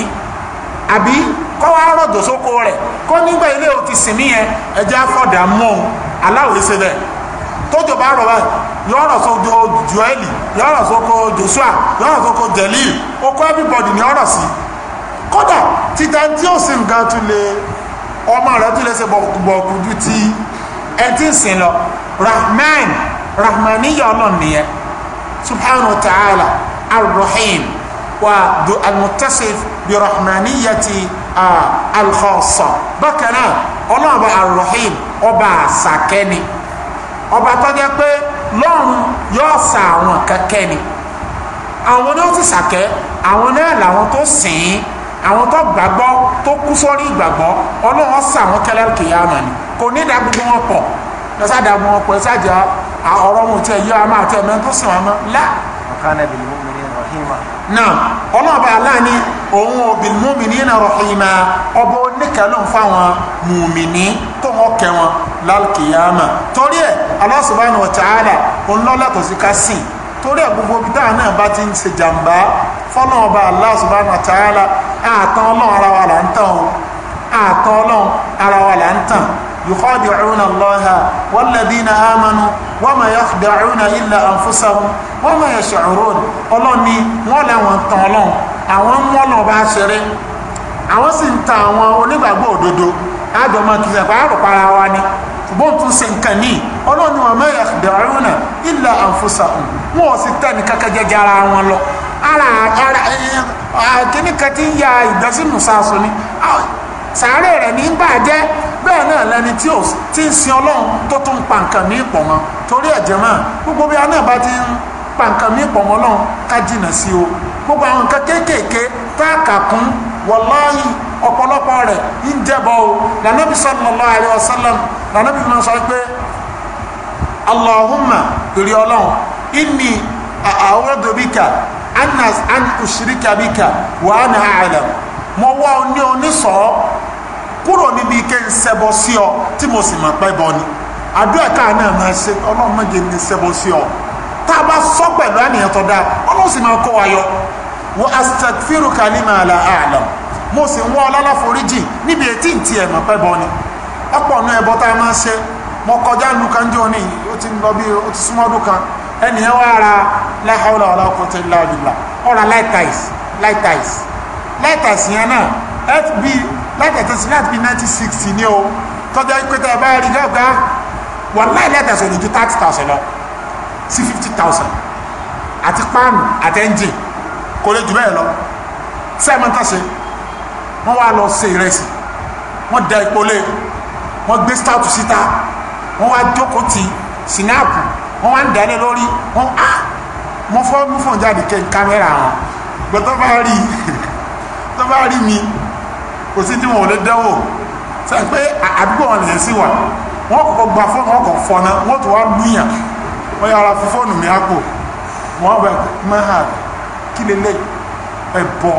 àbí kọ́ wá rọ̀dọ̀ sóko rẹ̀ kọ́ nígbà ilé o ti sìn mí yẹn ẹja fọ̀dà mọ́ o aláwòye ṣe bẹ́ẹ̀ tójò bá rọ̀ báyìí yọ̀ọ̀rọ̀ sóko joeli yọ̀ọ̀rọ̀ sóko joshua yọ̀ọ̀rọ̀ sóko jelil oko everybody ni ọ̀rọ̀ sí kódà títa tí ó sì nǹkan tún lè ọmọ rẹ̀ tún lè ṣe ju ti ẹ ti ń sìn lọ rahman rahmaniya subhanahu wa ta'ala ar-rahim والمتصف برحمانية الخاصة بكنا ọlọ́ọ̀bà arrohim ọba àsàkẹ́ni ọba tó jẹ́ pé lọ́run yóò sa àwọn kẹ́kẹ́ni àwọn náà ti sàkẹ́ àwọn náà làwọn tó sìn ín àwọn tó gbàgbọ́ tó kú sórí ìgbàgbọ́ ọlọ́run sa àwọn kẹlẹ́ kìyàmà ni kò ní ìdá gbogbo wọn pọ̀ lọ́sàdá gbogbo wọn pọ̀ ṣáàjà ọ̀rọ̀ wọn ti ẹ̀ yọ àmọ́ àti ẹ̀mẹ́ tó sìn wọn mọ́ lá. ọ̀kan náà bìlú rahima náà ọlọ́ọ̀bá aláàní òun bil mu'minina rahima ọba oníkẹ́lùm fáwọn mùmìnì tó wọn kẹ́ wọn lálùkìyàmà torí ẹ̀ Allah subhanahu wa ta'ala òun lọ́lẹ́kọ̀ọ́ sí ká sìn torí ẹ̀ gbogbo bí dáa náà bá ti ń ṣe jàǹbá fọ́nà ọba Allah subhanahu ọlọ́run ara wa là ń tàn àtàn ọlọ́run ara wa là ń tàn يخادعون الله والذين آمنوا وما يخدعون إلا أنفسهم وما يشعرون ọlọ́run ni wọ́n lẹ́wọ̀n tán ọlọ́run àwọn mú ọlọ́run bá ṣeré àwọn sì ń ta àwọn onígbàgbọ́ òdodo àjọmọ́ kìí ṣẹ̀pá àrùpara wa ni ṣùgbọ́n tún ṣe nǹkan ní ọlọ́run ni wọ́n ma yakhda'una illa anfusahum wọ́n sì tẹ́ ní kẹ́kẹ́ ara wọn lọ ara kíníkan ti ń ya ìdásínú sáà sọ ni sàárè rẹ̀ ní gbà jẹ́ bẹ́ẹ̀ náà lẹni tí ò ti ń sin ọlọ́run tó tún pa nǹkan ní ìpọ̀ mọ́ torí ẹ̀jẹ̀ máa gbogbo bí aná bá ti ń pa nǹkan ní ìpọ̀ mọ́ ọlọ́run ká jìnà sí o gbogbo àwọn nǹkan kéékèèké tá a kà kún wọláyì ọ̀pọ̀lọpọ̀ rẹ̀ ń jẹ́bọ o lànàbí sallallahu alaihi wasallam lànàbí máa sọ pé allahumma ìrì ọlọ́run inni a'udhu bika an ushrika bika wa ana a'lam mo wá ọ ní onísọ̀ọ́ kúrò ike ń ọ tí mo sì mọ̀ pẹ́ bọ ni àdúrà káà náà máa ṣe ọlọ́run ní ṣẹbọ sí ọ tá a bá sọ pẹ̀lú àníyàn tó dáa ọlọ́run sì máa kó wa yọ mo sì ń wá ọlọ́lá foríjì níbi etí bọ ni tá a máa ṣe mo kọjá nu ti lọ bí ti ọdún kan ẹnìyẹn wá ra látàsíyàn náà fb látàtàsí láti bí 1960 ní o tọ́jọ́ ìpẹ́tẹ́ ẹ̀ bá rí lọ́gbà wọ́n láì látàsí òdòdó 30,000 lọ sí 50,000 àti páànù àti ẹ́ńjìn kò lè jù bẹ́ẹ̀ lọ sẹ́ẹ̀mọ́tàṣe wọ́n wá lọ ṣe ìrẹsì wọ́n da epo lé wọ́n gbé stout síta wọ́n wá jókòó ti sinapu wọ́n wá ń dalẹ̀ lórí wọ́n á ah, mọ́fọ́ mọ́fọ́ jáde kẹ́ kámẹ́rà wọn gbọ́dọ̀ bá rí i tó bá rí mi kò sí tí wọn ò lè dánwò sọ pé àdúgbò wọn lè sí wa wọn kọ́kọ́ gba fóònù wọn kọ fọnà wọn tó wá lùyàn wọn yára fi fóònù mi àpò wọn bẹ mẹha kí lè lè ẹbọ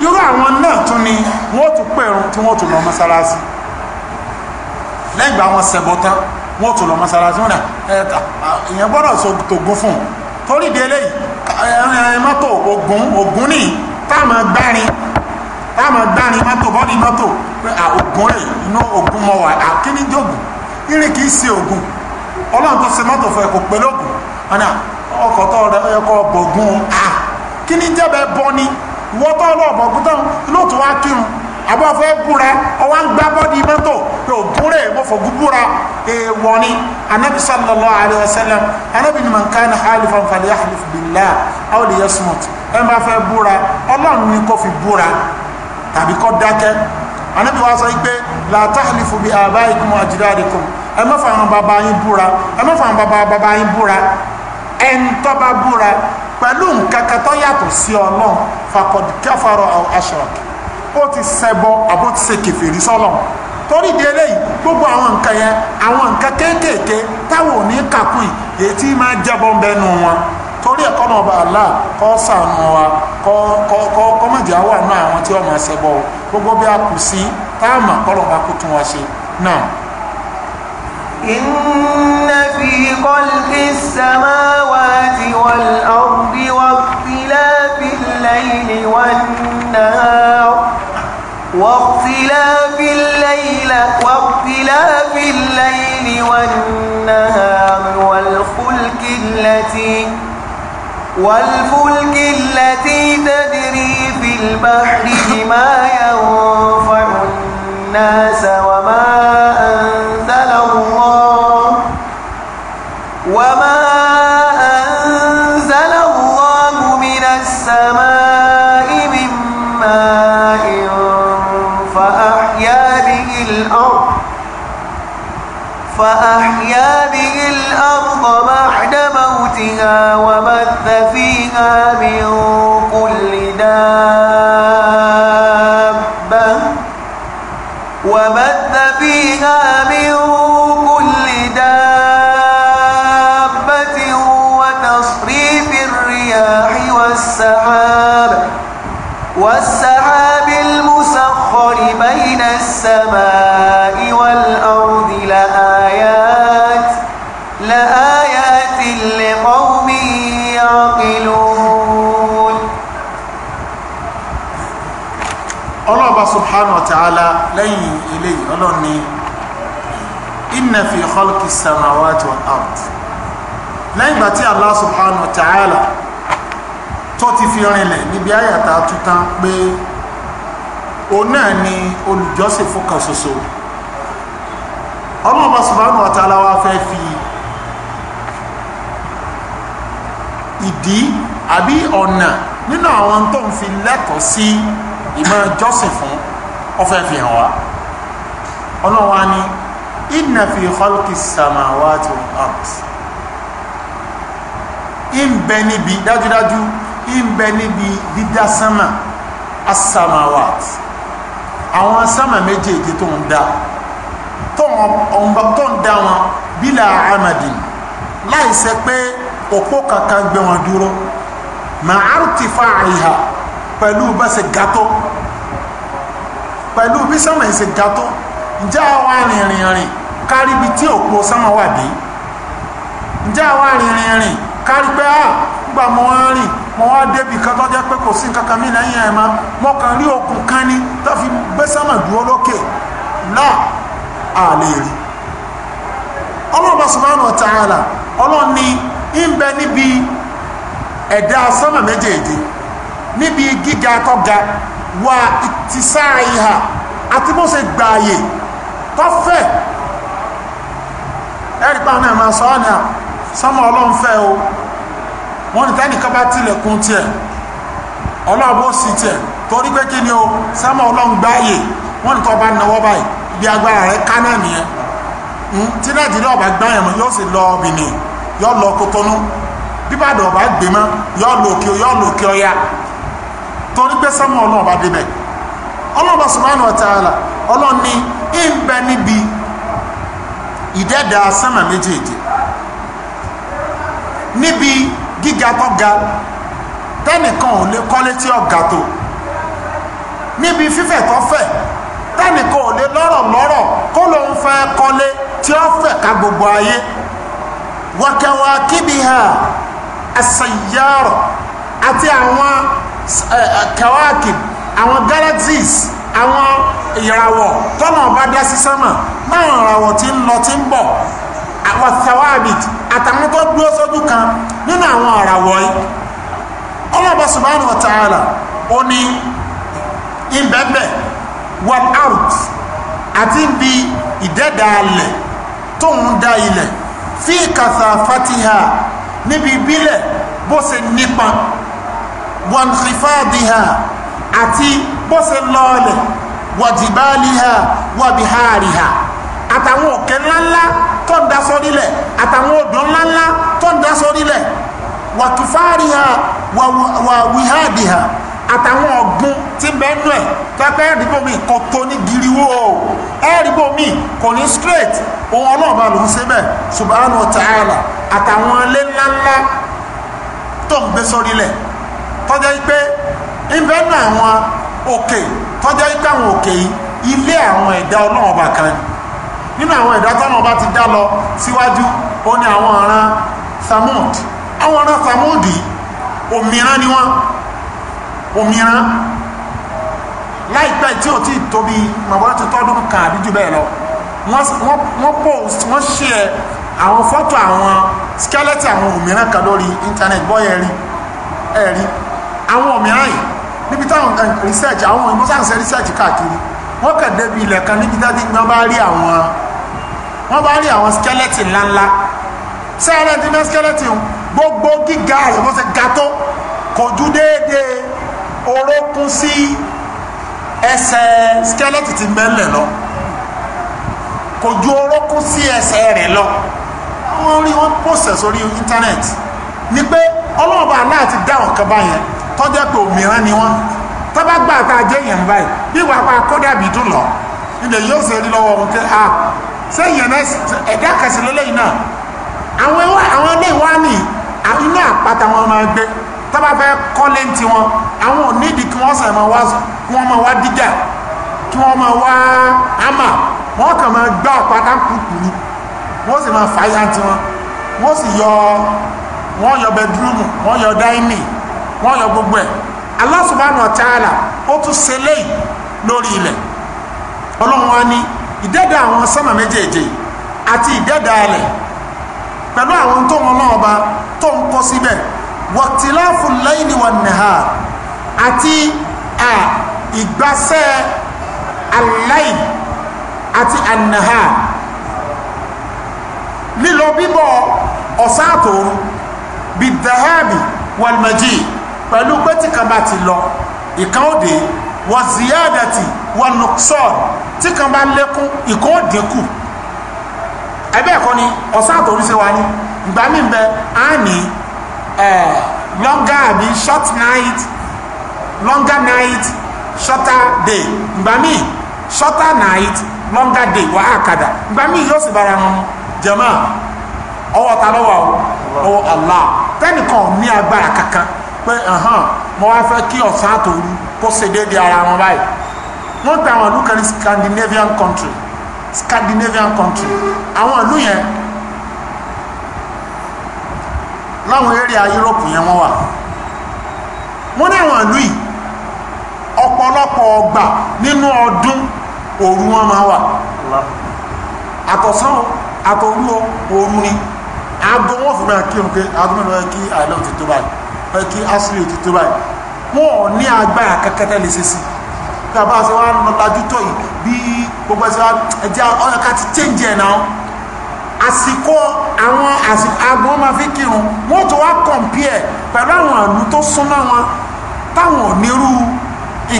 irú àwọn náà tún ni wọn tún pẹrun tí wọn tún lọ mọ́sálásí lẹ́yìn ìgbà wọn ṣẹbọ tán wọn tún lọ mọ́sálásí wọn náà ìyẹn gbọ́dọ̀ sọ tògún fún un torí ìdí eléyìí ẹ ẹ mọ́tò ogun ogun nìyí táàmù gbárin táàmù gbárin mọ́tò bọ́ọ̀lì mọ́tò pé ògùn rẹ̀ inú ògùn mọ́ wà àkíníjọ́gùn irin kì í ṣe ògùn ọlọ́run tó ṣe mọ́tò fún ẹ kò pé lógùn ọ̀nà ọkọ̀ tó ẹkọ̀ bọ̀gùn a kí ni jẹ́bẹ̀ bọ́ ni wọ́n tọ́ lọ bọ̀gùn tán lóòtú wá kírun àbọ̀ fẹ́ búra ọwọ́ ń gbá bọ́ọ̀dì mọ́tò pé ògùn rẹ̀ mo fògùn búra èèwọ̀ ni anabi sallallahu alayhi wa sallam anabi ni man kana halifan falyahlif billah aw liyasmut ẹ máa fẹ́ búra ọlọ́run ni kò fi búra tàbí kó dákẹ́ anábì wa sọ pé la tahlifu bi abaikum wa ajdadikum ẹ má fa àwọn bàbá yín búra ẹ má fa àwọn bàbá bàbá yín búra ẹ̀ ń tọ́ba búra pẹ̀lú nǹkan kan tó yàtọ̀ sí ọlọ́run faqad kafara aw ashrak ó ti ṣẹbọ àbó ti ṣe kèfèrí sọ́lọ̀ torí di eléyìí gbogbo àwọn nǹkan yẹn àwọn nǹkan kéékèèké táwọn ò ní kàkún yìí èyí tí máa jẹ́bọ̀ ń wọn torí ẹ̀kọ́ náà bá àlá kọ́ sànù wa kọ́ mọ̀jà wà náà àwọn tí wọ́n máa ṣe bọ́ gbogbo bí a kù sí táàmà kọ́lọ̀ bá kú tún wa ṣe náà. inna fi kọ́lì samawati wa ikhtilafi al-layli wan nahar wa ikhtilafi al-layla wa ikhtilafi al-layli wan nahar wal fulki والفلك التي تدري في البحر بما ينفع الناس وما أنزل الله وما أنزل الله من السماء من ماء فأحيا به الأرض فأحيا به الأرض بعد موتها بيوتها وبث فيها من كل دار ọlọ́ni inna fi khalqi samawati wal ard lẹ́yìn ìgbà tí Allah subhanahu wa ta'ala tó ti fi rinlẹ̀ níbi àyàtà tuntun pé òun náà ni olùjọ́sìn fọkàn ṣoṣo ọlọ́ọ̀bá subhanahu wa ta'ala wa fẹ́ fi ìdí àbí ọ̀nà nínú àwọn tó ń fi lẹ́tọ̀ọ́ sí ìmọ̀ jọ́sìn fún ọfẹ́ fi hàn wá ọlọ́run wa ni inna fi khalqi samawati wal ard ń bẹ níbi dájúdájú ń bẹ níbi dídá sánmà as-samawat àwọn sánmà méjèèjì tó ń dá tó ń dá wọn bílà amadin láìsẹ pé òpó kankan gbé wọn dúró màárùtìfà àìhà pẹ̀lú bá ṣe gàtó pẹ̀lú bí sánmà ṣe gàtó nje àwa rìnrìn rìn kárí ibi tí òpó sánmà wà dé ǹjẹ́ àwa rìnrìn rìn kárí pé à ah, gbà mọ́ wá rìn mọ́ wá débi kan tó jẹ́ pé kò sí nǹkan kan mí lẹ́yìn ẹ̀ mọ́ kàn rí kan ní tó fi gbé sánmà dúró lókè náà à lè rí ọlọ́ọ̀bá ọlọ́ọ̀ ni ń bẹ níbi ẹ̀dá sánmà méjèèjì níbi gíga tó ga wa ha àti bó ṣe gbààyè tọ́fẹ́ ẹ̀rí pa náà máa sọ ọ́ ní à sọ́mọ ọlọ́run fẹ́ o wọ́n ní tẹ́nìkan bá tilẹ̀kùn tiẹ̀ ọlọ́run ó sì tiẹ̀ torí pé kí ni o sọ́mọ ọlọ́run gbáyè wọ́n ní tọ́ bá nawọ́ báyìí ibi agbára rẹ̀ ká náà nìyẹn hmm? tí nàìjíríà ọba gbáyàn mọ́ yóò sì lọ Benin yóò lọ Kótónú bíbàdàn ọba gbé mọ́ yóò lọ òkè yóò lọ òkè ọya torí pé sọ́mọ ọlọ́run ọba débẹ̀ ọlọ́run bá sọ̀rọ̀ àná ọ̀tá ọlọ́run ní ń bẹ níbi ìdẹ́dà sánmà méjèèjì níbi gíga tó ga tẹ́nìkan ò lè kọ́lé tí ọ̀gá tó níbi fífẹ̀ tó fẹ̀ tẹ́nìkan ò lè lọ́rọ̀ lọ́rọ̀ kó ló ń fẹ́ kọ́lé tí ó fẹ̀ ká gbogbo ayé wákẹ́wà kíbi hà ẹ̀sẹ̀yàrọ̀ àti àwọn kẹwàákì àwọn galaxies àwọn ìràwọ̀ tọ́nà ọba dá sí sánmà báwọn ìràwọ̀ tí ń lọ tí ń bọ̀ àwọn thawabit àtàwọn tó dúró sójú kan nínú àwọn ìràwọ̀ yìí ọlọ́ba subhanahu wa ó ní ìbẹ́bẹ̀ wal ard àti ibi ìdẹ́dàálẹ̀ tó ń da ilẹ̀ fi kasafatiha níbi ìbílẹ̀ bó ṣe nípa wọn ha àti bọ́sẹ̀ lọ́ọ̀lẹ̀ wàjìbáàlìhà wàbíhàrìhà àtàwọn òkè ńláńlá tó ń da sórílẹ̀ àtàwọn odò ńláńlá tó ń da sórílẹ̀ wàtúfàrìhà wàwíhàdìhà àtàwọn ọ̀gbun tí bẹ́ẹ̀nù ẹ̀ tẹ́pẹ́ ẹ̀rìbó mi kò tó ní giriwó o ẹ̀rìbó mi kò ní straight ohun ọlọ́ọ̀bá ló ń ṣe bẹ́ẹ̀ subhanahu wa àtàwọn ilé ńláńlá tó ń gbé sórílẹ̀ tọ́jà pé ń àwọn òkè tọ́jà ipá àwọn òkè yìí ilé àwọn ẹ̀dá ọlọ́run ọba kan nínú àwọn ẹ̀dá tọ́lọ́run ọba ti dá lọ síwájú ó ní àwọn ọ̀ràn samud àwọn ọ̀ràn samud yìí òmìrán ni wọ́n òmìrán láìpẹ́ tí ò tí ì tóbi màbọ́lá ti tọ́dún kan àbí jù bẹ́ẹ̀ lọ wọ́n post wọ́n share àwọn fọ́tò àwọn skeleton àwọn òmìrán kan lórí internet bọ́yẹ̀ rí ẹ̀rí àwọn òmìrán yìí níbi táwọn eh, research àwọn òyìnbó sáǹsẹ̀ research káàkiri wọ́n kàn débi ilẹ̀ kan níbi tá wọ́n bá rí àwọn wọ́n bá rí àwọn skeleton ńláńlá sẹ́ẹ̀rẹ́ ti ní skeleton gbogbo gíga rẹ̀ bó ṣe ga tó kò ju déédéé orókún sí ẹsẹ̀ skeleton ti mẹ́lẹ̀ lọ kò ju orókún sí ẹsẹ̀ rẹ̀ lọ wọ́n rí wọ́n pòsẹ̀ sórí íńtánẹ́ẹ̀tì ni pé ọlọ́ọ̀bá náà ti dá ọ̀kan báyẹn tọ́jọ́ pé òmìrán ni wọ́n tọ́ bá gbà tá a jẹ́ èèyàn báyìí bí wàá pa kọ́dà bí dùn lọ ilẹ̀ yóò ṣe rí lọ́wọ́ wọn kí a ṣé èèyàn ẹ̀dá kẹsì lélẹ́yìn náà àwọn àwọn ilé wa ní inú àpáta wọn máa gbé tọ́ bá fẹ́ kọ́lé ti wọn àwọn ò nídìí kí wọ́n sàn máa wá kí wọ́n máa wá dídà kí wọ́n máa wá ámà wọ́n kàn máa gbá àpáta kùkùrù wọ́n sì máa fàáyà tiwọn wọ́n sì yọ wọ́n yọ bẹdúrúmù wọ́n yọ dáínì wọ́n yọ gbogbo ẹ̀ Allah subhanahu wa ta'ala ó tún ṣe léyìí lórí ilẹ̀ ọlọ́run wa ní ìdẹ́dà àwọn sánmà méjèèjì àti ìdẹ́dà ilẹ̀ pẹ̀lú àwọn tó wọn náà ba tó ń kọ́ síbẹ̀ waqtilaful layli wan nahar àti ìgbàsẹ́ al àti an lílọ bíbọ̀ ọ̀sán àtòrú bid pẹ̀lú pé tí kan bá ti lọ ìkan ó dé wọ́n ti wọ́n nuqsan tí kan bá lékún ìkan ó ẹbẹ́ ẹ̀kọ́ ni ọ̀sán ni ìgbà mí bẹ á ní longer àbí short night longer night shorter day ìgbà mí shorter night longer day wà á kàdà ìgbà mí yóò sì bára wọn jẹ̀mọ́ ọwọ́ ní agbára kankan pé ẹ̀hán mo wá fẹ́ kí ọ̀sán àtòru kó ṣe déédé ara wọn báyìí wọ́n ta àwọn ìlú kan ní Scandinavian country Scandinavian country àwọn ìlú yẹn láwọn area Europe yẹn wọ́n wà wọ́n ní àwọn ìlú yìí ọ̀pọ̀lọpọ̀ ọgbà nínú ọdún òru wọn máa wà àtọ̀sán àtọ̀rú òru ni aago wọn fi máa kírun pé aago mẹ́rin wọn kí àìlọ́ọ̀ ti tó báyìí ẹ kí ashley ti tó báyìí wọn ò ní agbára kẹkẹtẹ lè ṣe sí bí a bá ṣe wá ń lajú tó yìí bí gbogbo ẹsẹ wa ẹjẹ ọyọká ti change ẹ náà àsìkò àwọn àgbọn máa fi kírun wọn tó wá compare pẹ̀lú àwọn àlù tó súnmọ́ wọn táwọn ò nírú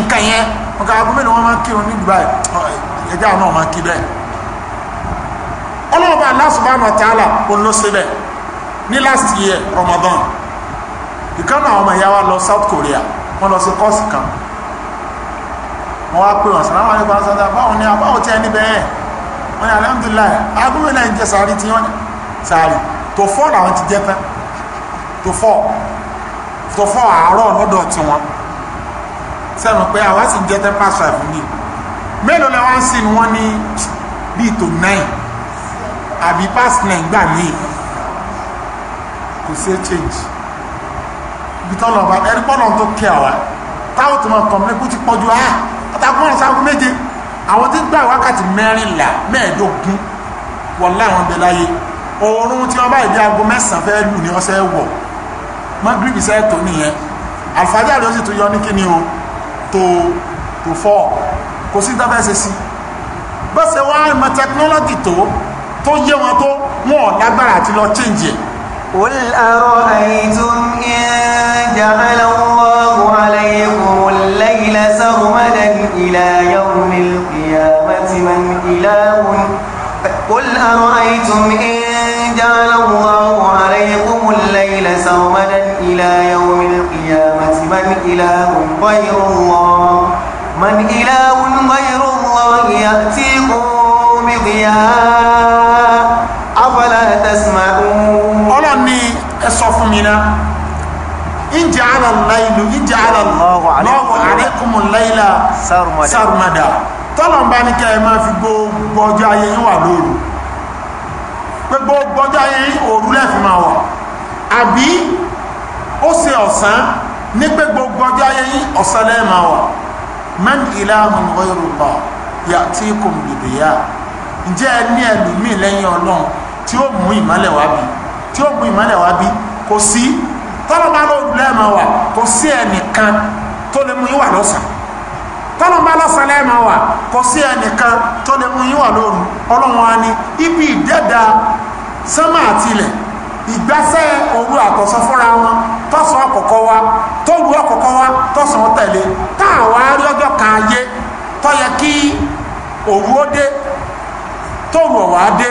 nǹkan yẹn nǹkan aago mélòó wọn máa kírun ní Dubai ẹjẹ àwọn náà máa kí bẹ́ẹ̀ ọlọ́ọ̀bá Allah subhanahu wa ta'ala òun ní last year Ramadan ìkànnì àwọn ọmọ ìyá wa lọ South Korea wọ́n lọ sí kọ́ọ̀sì kan wọ́n wá pè wọ́n sọ̀rọ̀ àwọn ẹgbẹ́ sọ́dọ̀ báwọn ni àbáwọ̀ tí ẹni bẹ́ẹ̀ wọ́n ni alhamdulillah agbóhùn náà ń jẹ sàárì tí wọ́n sàárì tó fọ́ làwọn ti jẹ́ tán tó fọ́ tó fọ́ àárọ̀ lọ́dọ̀ tí wọ́n sẹ́nu pé àwọn sì ń jẹ́ tán past five ní mélòó lẹ́wọ́n ń sìn wọ́n ní bíi tó nine àbí past nine gbà míì kò sí change bitọ́lọ̀ ọba ẹni pọ́lọ̀ tó kí àwa táwọn tó máa kọ̀ mí kú ti pọ̀jù á ah, àtàkùn ọ̀sán aago méje àwọn tí gbà wákàtí mẹ́rìnlá mẹ́ẹ̀ẹ́dógún wọ̀ láwọn bẹ láyé oorun tí wọ́n báyìí bí aago mẹ́sàn-án fẹ́ lù ní ọ̀sẹ̀ wọ̀ mọ́gírìbì sẹ́ tó nìyẹn àfájáde ó sì tún yọ ní kíni o tó tó fọ́ kò sí dábẹ́ ṣe sí bọ́sẹ̀ wá ìmọ̀ tẹkinọ́lọ́jì tó tó yé wọn tó wọn ò lágbára àti lọ change it. قل أرأيتم إن جعل الله عليكم الليل سرمدا إلى يوم القيامة من إله قل أرأيتم إن جعل الله عليكم الليل سرمدا إلى يوم القيامة من إله غير الله من إله غير الله يأتيكم بضياء أفلا تسمعون مؤمنا إن جعل الليل إن جعل الله عليكم الليل سرمدا tọ́lọ̀ bá ní kẹ́ máa fi gbogbo ọjọ́ ayé yín wà lóòrù pé gbogbo ọjọ́ ayé yín òru lẹ́fì máa wà àbí ó ṣe ọ̀sán ní pé gbogbo ọjọ́ ayé yín ọ̀sán lẹ́ máa wà man ilahun ghayrulla ya'tikum bidiya ǹjẹ́ ẹ ní ẹlòmíì lẹ́yìn ọlọ́run tí ó mú ìmọ́lẹ̀ wá bí tí ó mú ìmọ́lẹ̀ wá bí kò sí tọ́lọ́mà ló lẹ́ẹ̀mọ wà kò sí ẹnìkan tó lè mú yín wà lọ́sàn wà kò sí ẹnìkan tó lè mú yín ní ibi ìdẹ́dà sánmà ilẹ̀ ìgbàsẹ̀ òru àtọ̀sán fúnra wọn tọ́sán ọkọ̀kọ́ wa tóru wa tọ́sán tẹ̀lé ọjọ́ kan ayé tọ́yẹ kí òru ó dé tóru ọ̀wá dé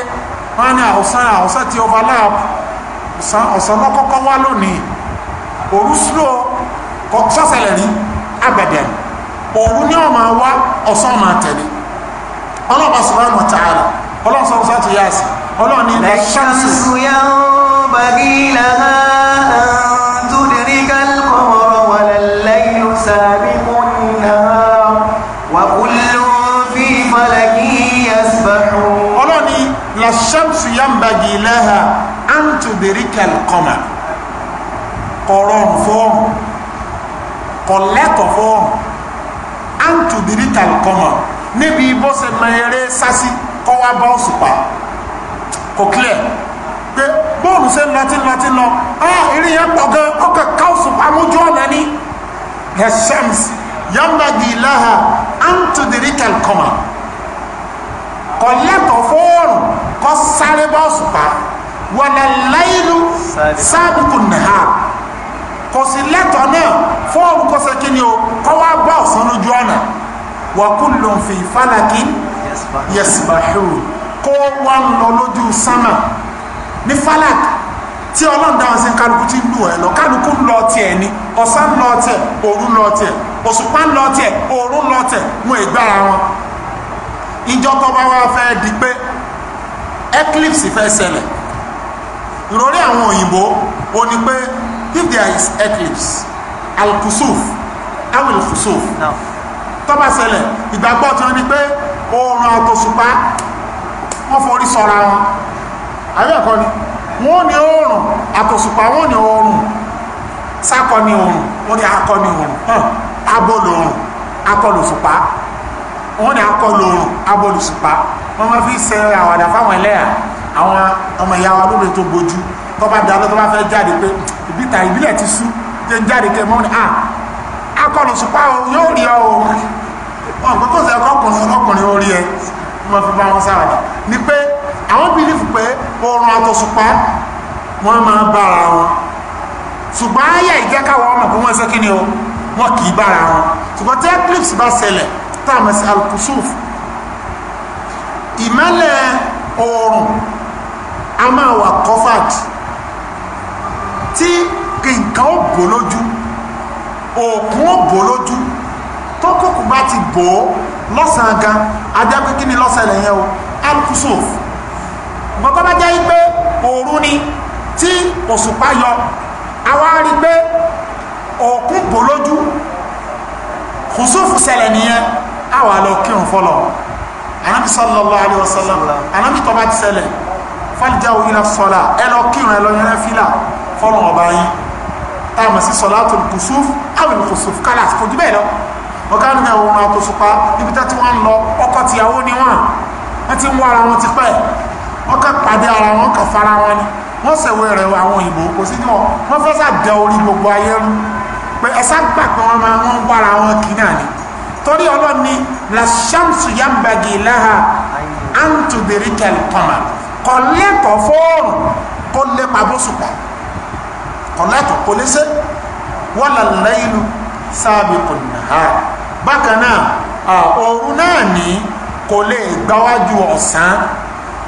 wọn àwòsàn ọ̀sán lọ kọ́kọ́ wá lónìí òru slow sọ́sẹ̀lẹ̀ ní abẹ̀dẹ̀ òru ní ọmọ wá ọ̀sán ọmọ tẹ̀lé ọlọ́pàá subhanahu wa ta'ala ọlọ́sọ ọsọ ti yá sí ọlọ́ni ilẹ̀ ṣáàṣù ọlọ́ni la ṣáàṣù yambagi yudrikal qamar kọ̀rọ̀n fọ́ọ̀n kọ̀lẹ́tọ̀ fọ́ọ̀n an tudrikal qamar níbi bọ́sẹ̀ mẹ́rẹ́ sásí kọ́wá bá òṣùpá kò clear pé bóòlù ṣe ń lọ tí ń lọ tí ń lọ á eré yẹn pọ̀ gan ọkọ̀ ká òṣùpá mójú ọ̀nà ni heshams yambagi laha an tudrikal qamar kọ̀lẹ́tọ̀ fọ́ọ̀n kọ́ sáré wàlàláìlú sábìkù nàá kò sí lẹ́tọ̀ náà fóònù kò sí kí ni o kọ́ wá bá ọ̀sán lójú ọ̀nà wa kullun fi falakin yasbahun kó wá ń lọ lójú sánmà ní falak tí ọlọ́run dáhùn sí kálukú tí ń lọ kálukú ń lọ ni ọ̀sán ń lọ tiẹ̀ òru ń lọ tiẹ̀ òṣùpá ń lọ tiẹ̀ òru ń mú ìgbára wọn ìjọ tó wá fẹ́ di pé eclipse fẹ́ ṣẹlẹ̀ ìròrí àwọn òyìnbó o ni pé if there is eclipse al-kusuf awil-kusuf tó bá ṣẹlẹ̀ ìgbàgbọ́ tí wọ́n ní pé oòrùn àtòṣùpá wọ́n forí sọ́ra wọn àbẹ́ẹ̀kọ́ ni wọ́n ní oòrùn àtòṣùpá wọ́n ní oòrùn sákọ ní oòrùn wọ́n ní akọ ní oòrùn abọ́lù oòrùn akọlùṣùpá wọ́n ní akọlù oòrùn abọ́lùṣùpá wọ́n máa fi ṣe àwàdà fáwọn ẹlẹ́yà àwọn ọmọ ìyá wa lóbìnrin tó bojú tó bá dalọ́ tó bá fẹ́ jáde pé ìbíta ìbílẹ̀ ti sú jẹ́ jáde kẹ́ mọ́ni à ah, akọlù sùpá o yóò rí ọ o wọn kò tó sẹ ọkùnrin ọkùnrin orí ẹ wọn fi bá wọn sáwàdà ni pé àwọn bìlífù pé oorun àtọ̀sùpá wọn máa bára wọn ṣùgbọ́n ayé ìjẹ́káwọ́ ọmọ kó wọ́n ṣe kí ni o wọn kì í bára wọn ṣùgbọ́n tí eclipse bá ṣẹlẹ̀ tá a mọ̀ sí alkusuf a máa wà covered tí nǹkan ó bò lójú òkun ó bò lójú tó kòkò bá ti bò ó lọ́sàn-án gan ajá pé kí ni lọ́sẹ̀lẹ̀ yẹn o alkusuf bọ́tọ́ bá jẹ́ pé òru ni tí òṣùpá yọ àwa rí pé òkun bò lójú kùsùfù ṣẹlẹ̀ nìyẹn àwa lọ kírun fọlọ anabi sallallahu alayhi wa sallam anabi tó bá ti ṣẹlẹ̀ fálíjáwò ilẹ̀ sọ́lá ẹ lọ kírun ẹ lọ yẹn fílà fọ́nà ọba yín táàmù sí sọ́lá tó kùsùf àwọn kùsùf kálá àti kojú bẹ́ẹ̀ lọ ọ̀gá nínú àwọn ọmọ àtòsùpá níbi tá tí wọ́n ń lọ ọkọ tìyàwó ni wọ́n wọ́n ti ń wọ ara wọn ti pẹ́ wọ́n kà pàdé ara wọn kà fara wọn ni wọ́n sẹ̀wé rẹ̀ àwọn òyìnbó kò sí ní wọn wọ́n fẹ́ sàdẹ orí gbogbo ayé rú pé ẹ̀sà gbà pé wọ́n máa wọ́n wọ ara wọn kì náà ni torí ọlọ́ni la ṣàmùsù yambagi láha antudirikẹ́lì kọ́mà kọ̀lẹ́tọ̀ fóòrùn kó lépa bóṣùpá kọ̀lẹ́tọ̀ kò lè ṣe wọ́lá lẹ́yìnlú sáàbì kò nàá bákan náà òru náà ní kò lè gbáwájú ọ̀sán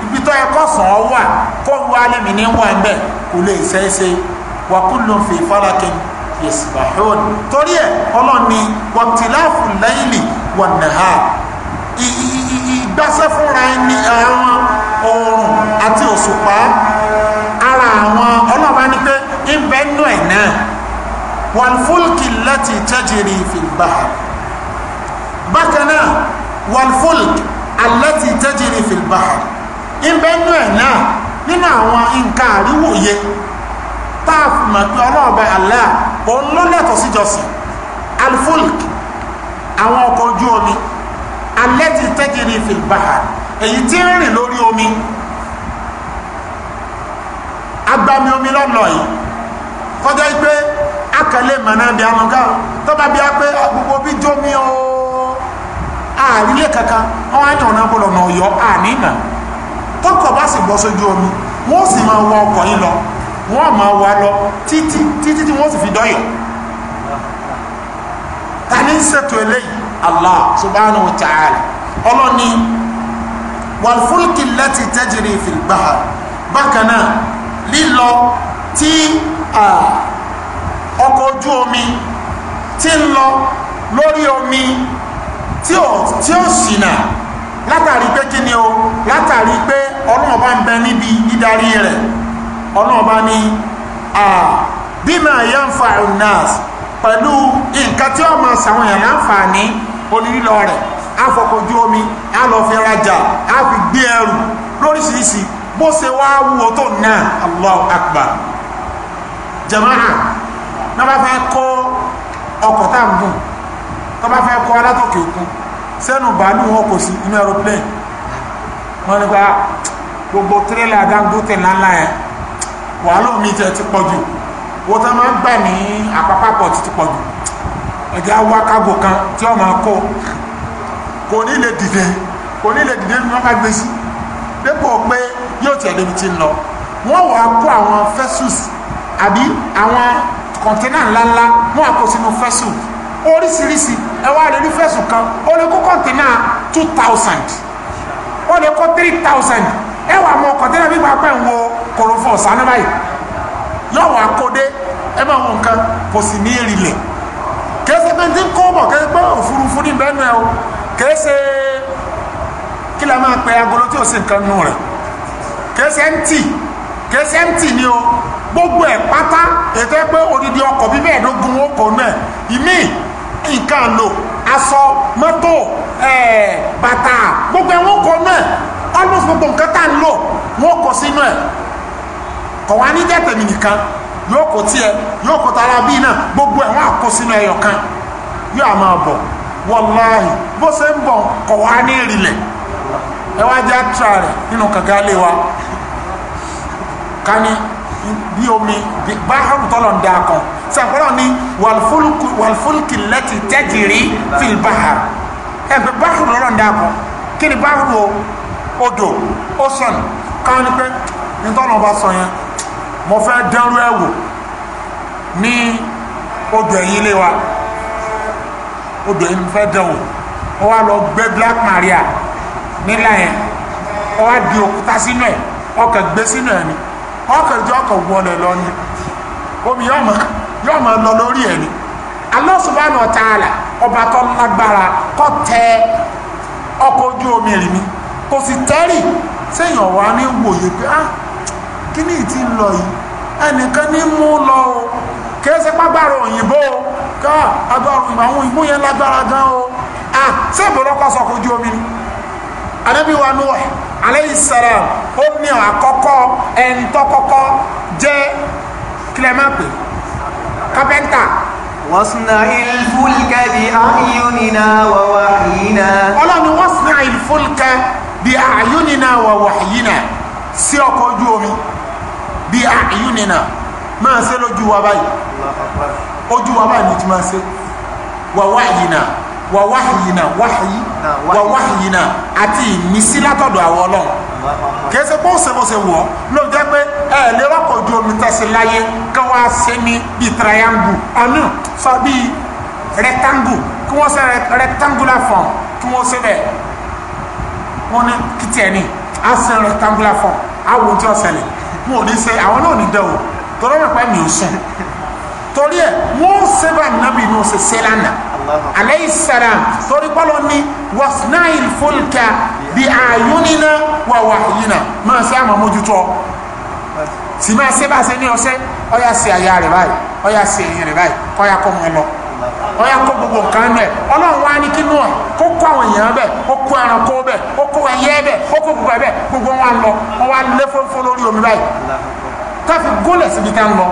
ibi tó yẹ kọ́sàn án wà kó ń wá lẹ́mìí ní wọ́n ẹ̀mẹ́ kò lè ṣeéṣe wàkúlù fi falakin yasbahun torí ẹ̀ ọlọ́ni wàtíláàfù lẹ́yìnlì wọ̀nàá ìgbásẹ́ fúnra ẹni àwọn àti òṣùpá ara àwọn ọlọ́ba ní pé ń bẹ́ nù ẹ̀ náà wal fulki allati tajri fil bahr bákan náà wal fulki allati tajri fil bahr ń bẹ́ nù ẹ̀ náà nínú àwọn nǹkan àríwòye tá a mọ̀ pé ọlọ́ọ̀bẹ Allah òun ló lẹ́tọ̀ọ́ síjọsìn al àwọn ọkọ̀ ojú omi allati tajri fil èyí tí ń rìn lórí omi agbami omi lọ́nà yìí kọjá yìí pé akẹ́lẹ́ mọ̀nà bí amọ̀ká tọ́ba bí a pé ah, gbogbo bí jómi o àrílé kankan wọn á ní ọ̀nà bọ̀ lọ́nà ọ̀yọ́ àní ìmọ̀ tọkọ̀ bá sì bọ́ sójú omi wọ́n sì máa wọ ọkọ̀ yìí lọ wọ́n máa wà lọ títí títí tí wọ́n sì fi dọ́yọ̀ ta ní ń ṣètò eléyìí Allah subhanahu wa ta'ala ọlọ́ni wàlfúlùkì lẹ́tì tajri fil bákan náà lílọ tí ọkọ̀ ojú omi tí ń lọ lórí omi tí ó ṣìnà látàrí pé kí ni o látàrí pé ọlọ́run bá ń bẹ níbi dídarí rẹ̀ ọlọ́run bá ní bima yanfa'u nnas pẹ̀lú nǹkan tí ó máa ṣàwọn èèyàn láǹfààní onílọ rẹ̀ á ojú omi á lọ fi rajà á fi gbé ẹrù lóríṣiríṣi bó ṣe wá wúwo tó Allahu Akbar jamana náà bá fẹ́ kọ́ ta tá ń gùn tó bá fẹ́ kọ́ alátòkè òkun sẹ́nu bàálù wọn kò sí inú aeroplane wọn ni gba ah, gbogbo tírélà omi ti pọ̀ kan yóò tiẹ̀ débi tí ń lọ wọ́n wàá kó àwọn festus àbí àwọn kọ̀ǹtẹ́nà ńláńlá wọ́n wàá kó sínú festus oríṣiríṣi ẹ wá lè rí festus kan ó lè kó kọ̀ǹtẹ́nà two thousand ó lè kó three thousand ẹ wàá mọ kọ̀ǹtẹ́nà bí wàá pẹ̀ ń wo korofo sanu báyìí yóò wàá kó dé ẹ máa wọ nǹkan kò sì ní ìrìlẹ̀ kẹsẹ̀ pé tí ń kó bọ̀ kẹsẹ̀ pé òfurufú ní bẹ́ẹ̀ náà o kẹsẹ̀ kí la máa pẹ agolo tí ò sí nǹkan nù rẹ̀ kẹsẹ̀ ń tì kẹsẹ̀ ń tì ni o gbogbo ẹ̀ pátá ètò ẹ pé odidi ọkọ̀ bí bẹ́ẹ̀ ló gun oko náà ìmí nǹkan lò aṣọ mọ́tò bàtà gbogbo ẹ̀ wọ́n kọ náà almost gbogbo nǹkan tá ń lò wọ́n kọ sínú ẹ̀ kọ̀ wá ní jẹ́ tèmi nìkan yóò kó tiẹ̀ yóò kó tara bíi náà gbogbo ẹ̀ wọ́n á kó sínú ẹyọ kan yóò á máa bọ̀ wọláhì bó ṣe ń bọ̀ kọ̀ wá ní ìrìlẹ̀ ẹ wá jẹ́ àtúrà rẹ̀ nínú kànga lé wa kání bí omi bá àrùtọ́lọ̀ ń da kan ni wàlfúlùkì lẹ́tì tẹ́jìrí fìl fil ẹgbẹ́ báhùn lọ́rọ̀ ń da kan kí ni báhùn o odò ocean káwọn ni pé nítorí wọn bá sọ yẹn mo fẹ́ dánrú ẹ̀ wò o odò ẹ̀yìn ilé wa odò yìí fẹ́ dán wò ó wá lọ gbé black maria nílà yẹn o wá di òkúta sínú ẹ̀ ọkàn gbé sínú ẹ̀ ni. ọkànjẹ́ ọkọ̀ wọlé lọ ni omi yóò ma lọ lórí ẹ̀ ni Allah subhanahu ọba tó lágbára tẹ ọkọ̀ ojú omi rì mí kò sì ní wòye pé ah kí ni ìtì ń lọ yìí ẹnìkan ní lọ o kì í ṣe pàgbára òyìnbó o ká agbára yẹn lágbára gan o ah ojú omi ni aleyhi salam ó ní àkọ́kọ́ ẹ̀ńtọ́kọ́kọ́ jẹ́ kílẹ̀mọ́pẹ́ kápẹ́ńtà. واصنع الفلك بأعيننا ووحينا ọlọ́run واصنع الفلك بأعيننا ووحينا sí ọkọ̀ ojú omi بأعيننا máa ṣe lójú wa báyìí ojú wa báyìí ni ti máa ṣe ووحينا wà wáhìyìnà wáhìyìnà wà wáhìyìnà àti ìmísí látọ̀dọ̀ àwọn ọlọ́run kìí ṣe bó ṣe bó ṣe wọ̀ ló jẹ́ pé ẹ lè rọ́pò ju omi tẹ̀sí láyé kí wọ́n á ṣe ní bíi triangle àná sọ bíi rectangle kí wọ́n ṣe rectangular form kí wọ́n ṣe bẹ́ẹ̀ wọ́n ní kìtìẹ̀ ni á ṣe rectangular form á wo tí ó ṣẹlẹ̀ wọn ò ní ṣe àwọn náà ò ní dẹ́ o torí wọn pẹ́ mi ò sùn torí ẹ̀ wọ́n ṣe bá nàbì ní o ṣe ṣe aleyhi salam torí pọ́lọ́ ní wasnail fulka bi ayunina wa wahyina máa ṣe àmọ́ mójútó sì máa ṣe bá ṣe ní ọṣẹ ọyà ṣe àyà rẹ báyìí ọyà ṣe èyí rẹ báyìí kọ́yà kọ́ mọ́ lọ ọyà kó gbogbo nǹkan nù ẹ ọlọ́run wá ní kínú ẹ kó kó àwọn èèyàn bẹ ó kó ẹranko bẹ ó kó ẹyẹ bẹ ó kó gbogbo bẹ gbogbo wọn lọ wọn wá lé fọnfọn lórí omi báyìí káfí gólẹ̀ síbi tá ń lọ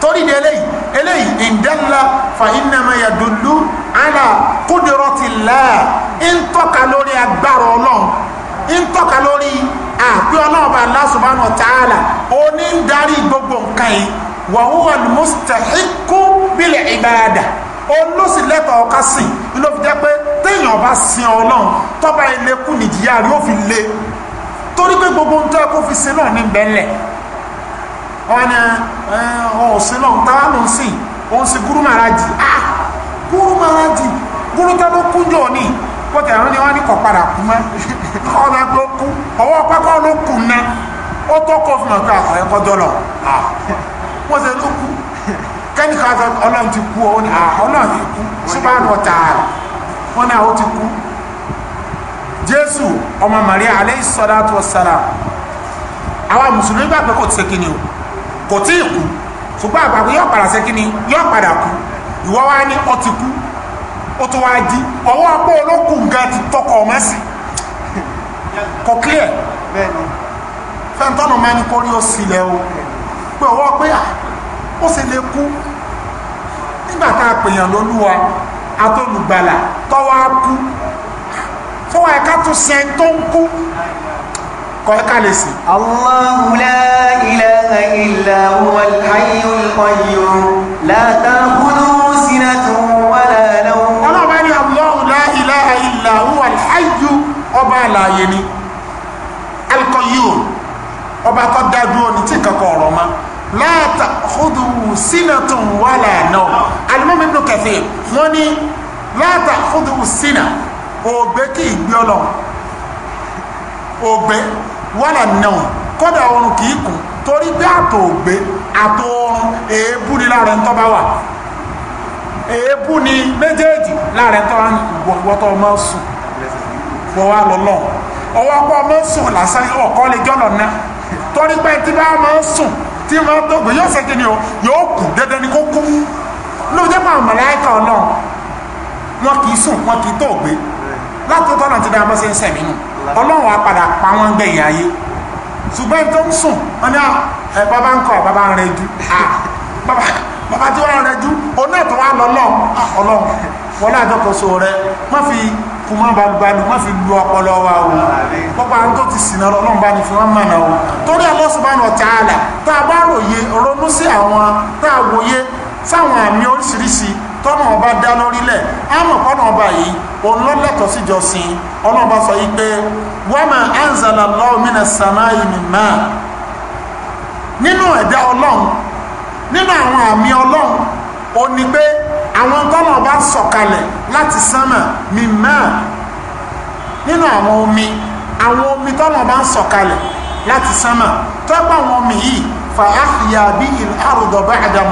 torí ni eléyìí eléyìí ìdánlá fa innama yadullu ala qudratillah ń tọ́ka lórí agbára ọlọ́run ń tọ́ka lórí àpé ọlọ́run bá Allah subhanahu wa ta'ala ó ní ń darí gbogbo nǹkan yìí wa huwa al-mustahiqqu bil ibada olóṣìlẹ́tọ̀ ọ̀ka sí ló fi jẹ́ pé téèyàn bá sin ọlọ́run tọ́ba ilé kù nìjìyà rí fi le torí pé gbogbo ń tẹ́ kó fi sin náà ní bẹ́ẹ̀ ọ̀nà ọ̀sìn náà tá ló ń sìn ó ah gúrú màrájì gúrú tá ló kúnjọ ní bọ́tẹ̀ àwọn ni wọ́n ní kọ̀padà kú mọ́ [LAUGHS] ọ̀nà ló kú ọwọ́ pápá ló kù ná ó tó kó fún ọ̀pẹ́ àwọn ẹ̀kọ́ dọ́lọ̀ wọ́n ṣe ló kú kẹ́nìkan sọ ọlọ́run ti kú ọ ní ah, ọlọ́run ti kú subhanahu wa ta'ala wọ́n àwọn ah, ti kú jésù ọmọ maria aleyhi salatu wa salam àwọn mùsùlùmí gbàgbé kò ti ṣe kíni o kò tí ì kú ṣùgbọ́n àgbàgbé yóò padà ṣe kíni yóò padà kú ìwọ wá ní ọ ti kú ó tún wá jí ọwọ́ apó olókùn gan ti tọkọ ọmọ sí kò clear fẹ́ntọ́nù mẹ́ni kó rí ó sílẹ̀ o pé ọwọ́ pé ó sì lè kú nígbà tá a pèèyàn lólúwa atólùgbàlà tọ́wọ́ á kú fọwọ́ ẹ̀ka tún sẹ́ńtó ń kú kọ́kálẹ̀ sí. Allahu la ilaha illa huwa al-hayyul qayyum la ta'khudhuhu sinatun wa la nawm. ọlọ́ba ní Allahu la ilaha illa huwa al-hayyu ọba àlàyé ni al-qayyum ọba tó dájú ọ ní tí kankan ọ̀rọ̀ ma la ta'khudhuhu sinatun wa la nawm. alimami ibn ògbé kì í gbé ògbé wọ́nà náà kọ́dà ọrùn kìí kùn torí pé àtò ògbé àtò ọrùn èébú ni lára ń tọ́ba wà èébú ni méjèèjì lára ń tọ́ba wọ́tọ́ ọmọ sùn wọ́n wá lọ lọ́n ọwọ́ pọ́ ọmọ sùn lásán ọ̀kọ́ lè jọ́nà náà torí pé tí bá máa sùn tí máa ń dọ́gbẹ̀ yóò ṣe kíni o yóò kù dandan ni kó kú lóòjẹ́ máa màláíkà ọlọ́run wọn kì í sùn wọn kì í tó ògbé látòótọ́ náà ti dá ọmọ sí ń sẹ̀mí nù ọlọ́run á padà pa wọ́n gbẹ̀yìn ayé ṣùgbọ́n tó ń sùn wọ́n ní ah, bàbá ń kọ́ bàbá ń rẹjú ah, bàbá tí wọ́n rẹjú òun náà tó wá lọ lọ́hùn ah, ọlọ́run wọn náà tọkọ̀ṣọ rẹ má fi kùmọ̀ balùbalù má fi lu ọpọlọ wa o gbogbo àwọn tó ti sìn náà ọlọ́run bá ní fi wọ́n mọ̀nà o torí Allah subhanahu wa tá a bá ròye ronú sí àwọn tá a wòye sáwọn àmì oríṣiríṣi tọ́nà ọba dá lórílẹ̀ àmọ̀pọ̀nà ọba yìí òun ló lẹ́tọ̀ọ́ síjọsìn ọlọ́ba sọ yìí pé wama anzala Allahu minas samai nínú ẹ̀dá ọlọ́run nínú àwọn àmì ọlọ́run ò ní pé àwọn tọ́nà ọba sọ̀kalẹ̀ láti sánmà min nínú àwọn omi àwọn omi tọ́nà ọba sọ̀kalẹ̀ láti sánmà tọ́pọ̀ àwọn omi yìí fa ahya bihi al-arda ba'da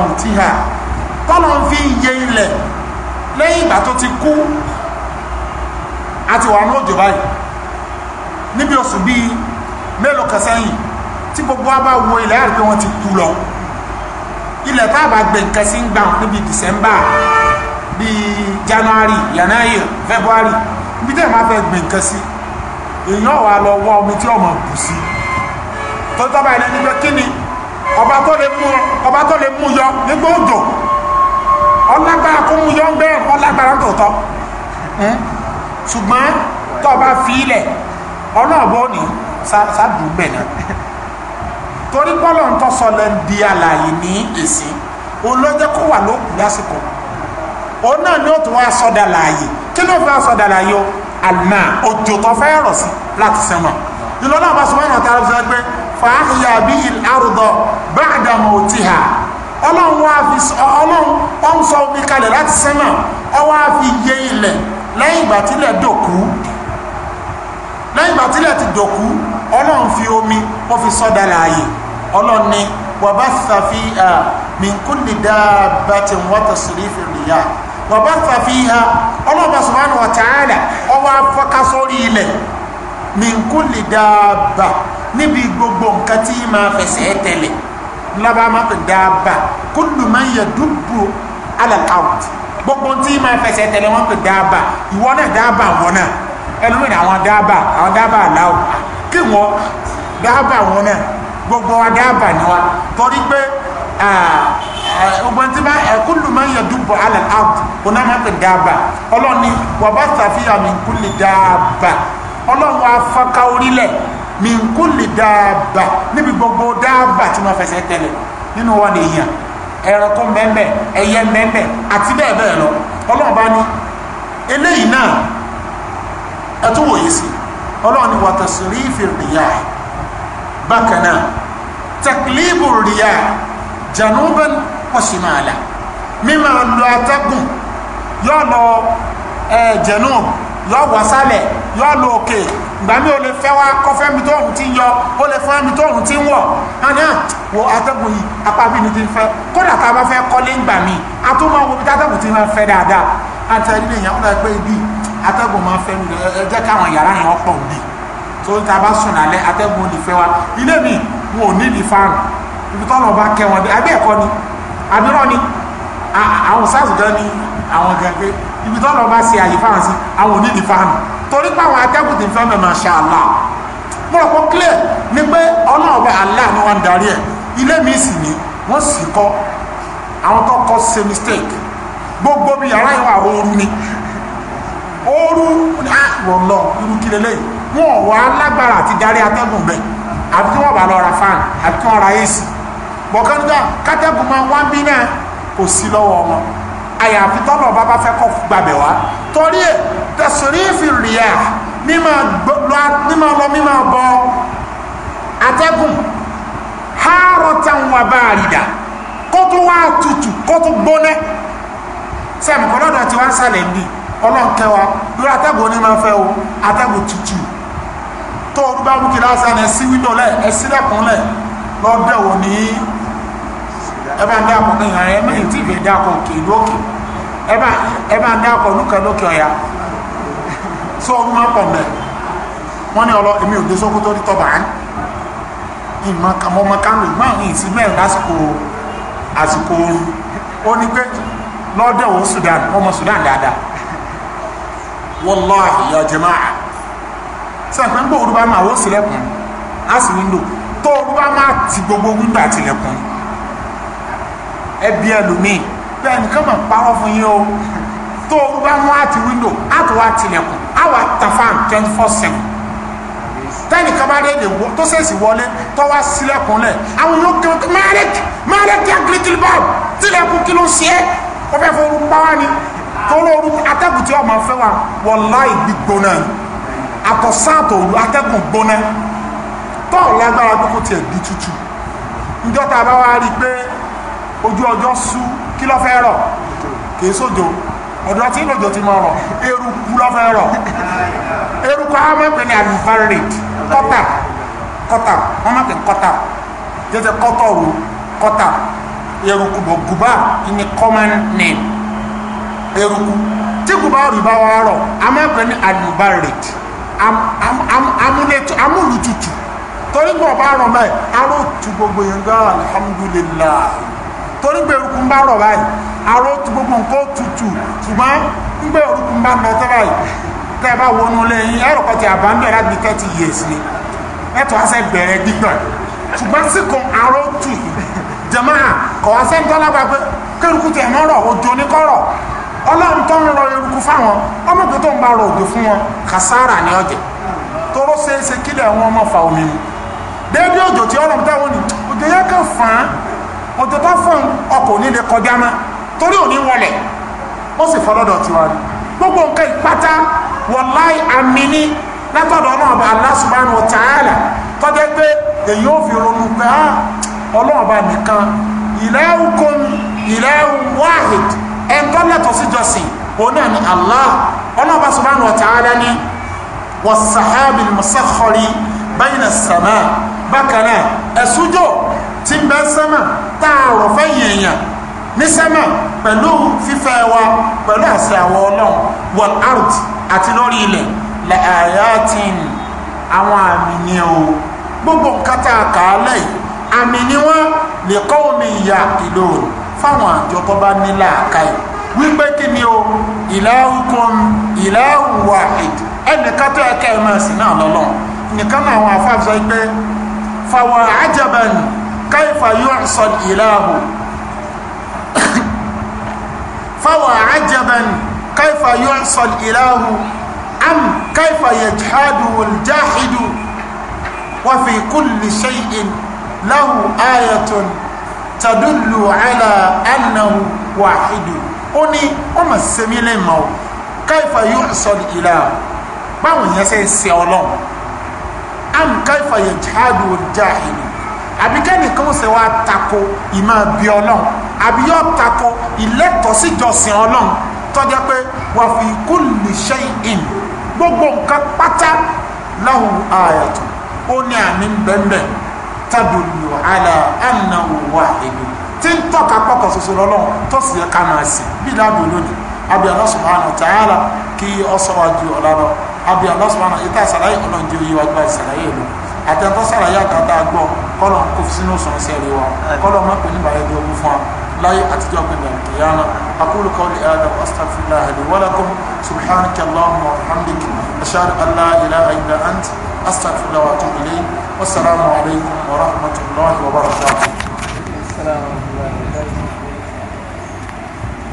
tọ́lọ̀ ń fi iye ilẹ̀ lẹ́yìn ìgbà tó ti kú àti wà ní òjò báyìí níbi oṣù bíi mélòó kan sẹ́yìn tí gbogbo wa bá wo ilẹ̀ àrí pé wọ́n ti kú lọ ilẹ̀ tá a bá gbé nǹkan sí ń gbà níbi December bíi January January February ibi tẹ́ ẹ̀ máa fẹ́ gbé nǹkan sí èèyàn wà lọ wá omi tí ọmọ bù sí tó tọ́ba ilé nígbà kí ni ọba tó lè mú yọ nígbà òjò ọlágbára kó mú yọ ń gbẹ́ ọlágbára tòótọ́ ṣùgbọ́n tó o bá fi ilẹ̀ ọlọ́ọ̀bọ ni sádùú bẹ̀ náà torí bọ́lọ̀ ń tọ́sọ lẹ́ ń di àlàyé ní èsì òun ló jẹ́ kó wà lókùn lásìkò òun náà ni ó tún wá sọ́dà láàyè kí ló fi wá o àná òjò fẹ́ rọ̀ sí láti sẹ́wọ̀n ìlọ́nà àbáṣọ wọn àti àrùn sọ pé fàáhìyà bíi àrùdọ̀ ba'da mawtiha ọlọ́run wá fi ọlọ́run ó ń sọ omi kalẹ̀ láti sẹ́mà ọ wá fi yé ilẹ̀ lẹ́yìn ìgbà tílẹ̀ dòkú lẹ́yìn ìgbà tílẹ̀ ti dòkú ọlọ́run fi omi ó fi sọ́dà láàyè ọlọ́run ni wabatha fiha min kulli dabbatin wa tasrifi riyah wabatha fiha ọlọ́ba subhanahu wa ta'ala ó wá fọ́ká sórí ilẹ̀ min kulli dabba níbi gbogbo nǹkan tí máa fẹsẹ̀ tẹ̀lé lábàá máa pè dáàbà kullu man yadubbu ala al-ard gbogbo tí máa fẹsẹ̀ tẹ̀lé wọn pè dáàbà ìwọ náà na wọn náà ẹlòmíràn àwọn dáàbà àwọn dáàbà aláwọ̀ kí wọn dáàbà wọn náà gbogbo wa dáàbà ni wa torí pé ọgbọ̀n tí bá kullu man yadubbu ala out. ard wọn náà máa pè dáàbà ọlọ́ni wa batha fiha min kulli dáàbà ọlọ́run wa fọ́ká orílẹ̀ min kulli dáàbà níbi gbogbo dáàbà tí wọ́n fẹsẹ̀ tẹ̀lẹ̀ nínú wọn nìyàn ẹranko mẹ́mẹ́ ẹyẹ mẹ́mẹ́ àti bẹ́ẹ̀ bẹ́ẹ̀ lọ ọlọ́run bá ní eléyìí náà ẹ tún wòye sí ọlọ́run ni wàtàsírí ìfìrìyà bákan náà taklibu rìyà januban washimala mímọ lọ atẹ́gùn yọ lọ ẹ jẹ̀nú yọ wàsálẹ̀ yọ lu òkè ìgbà mi ò lè fẹ́ wá kọfẹ́ mi tóun ti yọ ó lè fẹ́ mi tóun ti wọ̀ àní à wo atẹ́gùn yìí apábí ni ti ń fẹ́ kódà tá a bá fẹ́ kọ́lé ńgbà mi a tún máa wo bí atẹ́gùn ti máa fẹ́ dáadáa àtẹ̀lé nìyẹn ó lọ pé ibi atẹ́gùn máa fẹ́ mi ẹ jẹ́ káwọn yàrá yẹn ọ̀pọ̀ òde tó ń ta bá sùn lálẹ́ atẹ́gùn ò ní fẹ́ wa ilé mi wọn ò ní ní fáànù ibi tọ́lọ̀ bá kẹ́ wọn dé abẹ́ ẹ̀kọ́ ni abirọ́ ni àwọn sars gan ni àwọn gàgbé ibi tọ́lọ̀ bá ṣe àyè fáwọn sí àwọn ò ní ní fáànù torí pé àwọn atẹ́kùn ti fẹ́ mẹ́ masha Allah mo rò pé clear ni pé ọlọ́ọ̀bẹ Allah ni wọ́n ń darí ẹ̀ ilé mi sì ni wọ́n sì kọ́ àwọn tó kọ́ ṣe mistake gbogbo bí yàrá yìí wà ooru ni ooru rọlọ irú kí lélẹ́yìn wọn ò wá lágbára àti darí atẹ́gùn bẹ́ẹ̀ àbí kí wọ́n bá lọ ra fan àbí kí wọ́n ra AC bọ̀kánúgà kátẹ́gùn máa wá ń bí náà kò sí lọ́wọ́ wọn àyàfi tọ́nà ọba bá fẹ́ kọ́ gbàbẹ̀ wá torí ẹ̀ tẹ̀sírífì rìà mímọ lọ mímọ bọ atẹ́gùn hárọ̀tàn wà bá àrìdà kó tó wá tutù kó tó gbóná sẹ́mi kọ́ lọ́dọ̀ tí wọ́n ń sálẹ̀ ń bì ọlọ́ọ̀kẹ́ wa lórí atẹ́gùn onímọ̀ fẹ́ o atẹ́gùn tutù tó o bá mú kí lásán ẹ̀ sí wíńdò lẹ̀ ẹ̀ sílẹ̀kùn lẹ̀ lọ́dẹ̀ òní ẹ bá ń dákọ̀ náà yàrá ẹ má yìí tí ìfẹ́ dákọ̀ òkè ìlú òkè ẹ bá ń dákọ̀ olúkẹ́ lókè ọ̀yà sọ ọdún máa pọ̀ mẹ́ wọ́n ní ọlọ èmi ò dé Sókótó ní tọ́ba án ìmọ̀ kàmọ́ ọmọ kánò ìmọ̀ àwọn ìsìn mẹ́rin lásìkò àsìkò ooru ó ní pé lọ́dọ̀ òun Sudan ọmọ Sudan dáadáa wallahi ya jama'a sẹ́ǹpẹ́ ń gbọ́ òru bá máa wọ́n sílẹ̀kùn á sì wíńdò tó òru bá máa ti gbogbo wíńdò àtìlẹ̀kùn ẹbí ẹlòmíì bẹ́ẹ̀ nìkan mọ̀ parọ́ fún yín o tó o bá mú àti wíńdò àti wá tilẹ̀kùn àwa tafan twenty four seven tẹ́nìkan bá dé lè wọ tó ṣèṣì wọlé tó wá sílẹ̀kùn lẹ̀ àwọn yóò kí wọn kí mẹ́rẹ́kì mẹ́rẹ́kì agirikiri báwò tilẹ̀kùn kí ló ń ṣe é wọ́n fẹ́ fọ́ orúkọ wá ni torí orúkọ atẹ́gùn tí wọ́n máa fẹ́ wa wọláì gbígbóná àtọ̀sáàtò òru atẹ́gùn gbóná tọ́ọ̀ lágbára gbogbo tiẹ̀ di tútù ǹjọ́ tá a bá wá rí i pé ojú ọjọ́ sú kí ló fẹ́ rọ̀ kì í sójò ọ̀dọ̀ tí lòjò ti máa rọ̀ eruku ló fẹ́ rọ̀ eruku á máa pè ní alvarade kọ́tà kọ́tà wọ́n máa pè kọ́tà jẹ́jẹ́ kọ́tọ̀rù kọ́tà eruku bọ̀ gùbá ní common name eruku tí gùbá rù bá wà rọ̀ á máa pè ní alvarade amúlùtutù torí gbọ̀ bá rọ̀ mẹ́ arótù gbogbo yẹn gan alhamdulillah torí gbèrúkú ń bá rọ̀ báyìí àrò gbogbo nǹkan tutù ṣùgbọ́n ń gbèrúkú ń bá lọ tẹ́ báyìí tẹ́ bá wọnú lẹ́yìn ẹ̀rọ ti àbámbẹ̀ láti thirty years ni ẹ̀tọ́ àṣẹ bẹ̀rẹ̀ gbígbọ̀n ṣùgbọ́n sí kan àrò tù jẹ̀máà kọ̀ àṣẹ ń tọ́lá gbàgbé kẹ́rùkú tẹ̀ mọ́ rọ̀ òjò ní kọ́rọ̀ ọlọ́run tó ń rọ eruku fáwọn ọmọ pé tó ń bá rọ òjò fún wọn kàsára ní ọjẹ tóró òjò tó fún ọkọ̀ onílé kọjá mọ́ torí òní wọlẹ̀ ó sì fọlọ́dọ̀ tiwa ni gbogbo nǹkan ìpátá wọláì àmì ní látọ̀dọ̀ ọlọ́ọ̀bà Allah subhanahu wa ta'ala tọ́jẹ́ pé èyí ò fi ronú pé á ah, ọlọ́ọ̀bà nìkan ilahukum ilahun wahid ẹ̀ńtọ́ lẹ́tọ̀ sí jọ́sìn òun náà ni Allah ọlọ́ọ̀bà subhanahu wa ta'ala ni was-sahabil musakhkhari bayna as-sama bákan náà ẹ̀sùjọ́ tí ń bẹ sẹ́mà tá a rọ̀ fẹ́yìn èèyàn ní sẹ́mà pẹ̀lú fífẹ́ wa pẹ̀lú àṣẹ àwọn ọlọ́run wal ard àti lórí ilẹ̀ la ayatin àwọn àmì ni o gbogbo nǹkan tá a kà á lẹ́yìn àmì ni wọ́n lè kọ́ omi ìyá ìlò fáwọn àjọ tó bá ní làákàyè wípé kí ni o ìlàhùkùn ìlàhùn wàhìd ẹnìkan tó yẹ kẹ́ ẹ máa sìn náà lọ́lọ́run nìkan náà àwọn afáfẹ́ pé fàwọn àjẹbẹ́ni kaifa yuhsad ilahu fawa ajaban kaifa yuhsad ilahu am kaifa yajhadu waljahidu wa fi kulli shay'in lahu ayatun tadullu ala annahu wahidu ó ní ó mà sẹ́mi lè mọ̀ ọ́ káìfà yóò sọ ìlà báwọn am káìfà yẹn jáde ò àbí kẹ́nìkan ṣe wá tako ìmọ̀ bí ọlọ́run àbí yóò tako ìlẹ́tọ̀ọ́síjọsìn ọlọ́run tọ́jọ́ pé wà fi kulli shay'in gbogbo nǹkan pátá lahu ayatu ó ní àmì bẹ́ẹ̀ tadullu ala annahu wahidun tí ń tọ́ka pọ̀kọ̀ ṣoṣo lọ́lọ́run tó sì yẹ ká máa sìn bí láàbò lónìí àbí Allah subhanahu wa ta'ala kí ọ sọ wájú ọ̀la lọ àbí Allah subhanahu ìta àṣàlàyé ọlọ́run jẹ́ oyé wájú àṣàlàyé lónìí àtẹ̀tọ́ sára yá kàtà gbọ́ kọ́lọ̀ kò fi sínú sọ̀rọ̀ sẹ́ẹ̀rì wa kọ́lọ̀ má pè ní bàrẹ̀ di ogun fún wa láyé àtijọ́ pé ní àkìyàna aqulu qawli hadha wa astaghfirullaha li wa lakum subhanaka allahumma wa bihamdika ashhadu an la wa atubu ilayk wassalamu alaykum wa rahmatullahi wa barakatuh.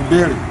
ìbéèrè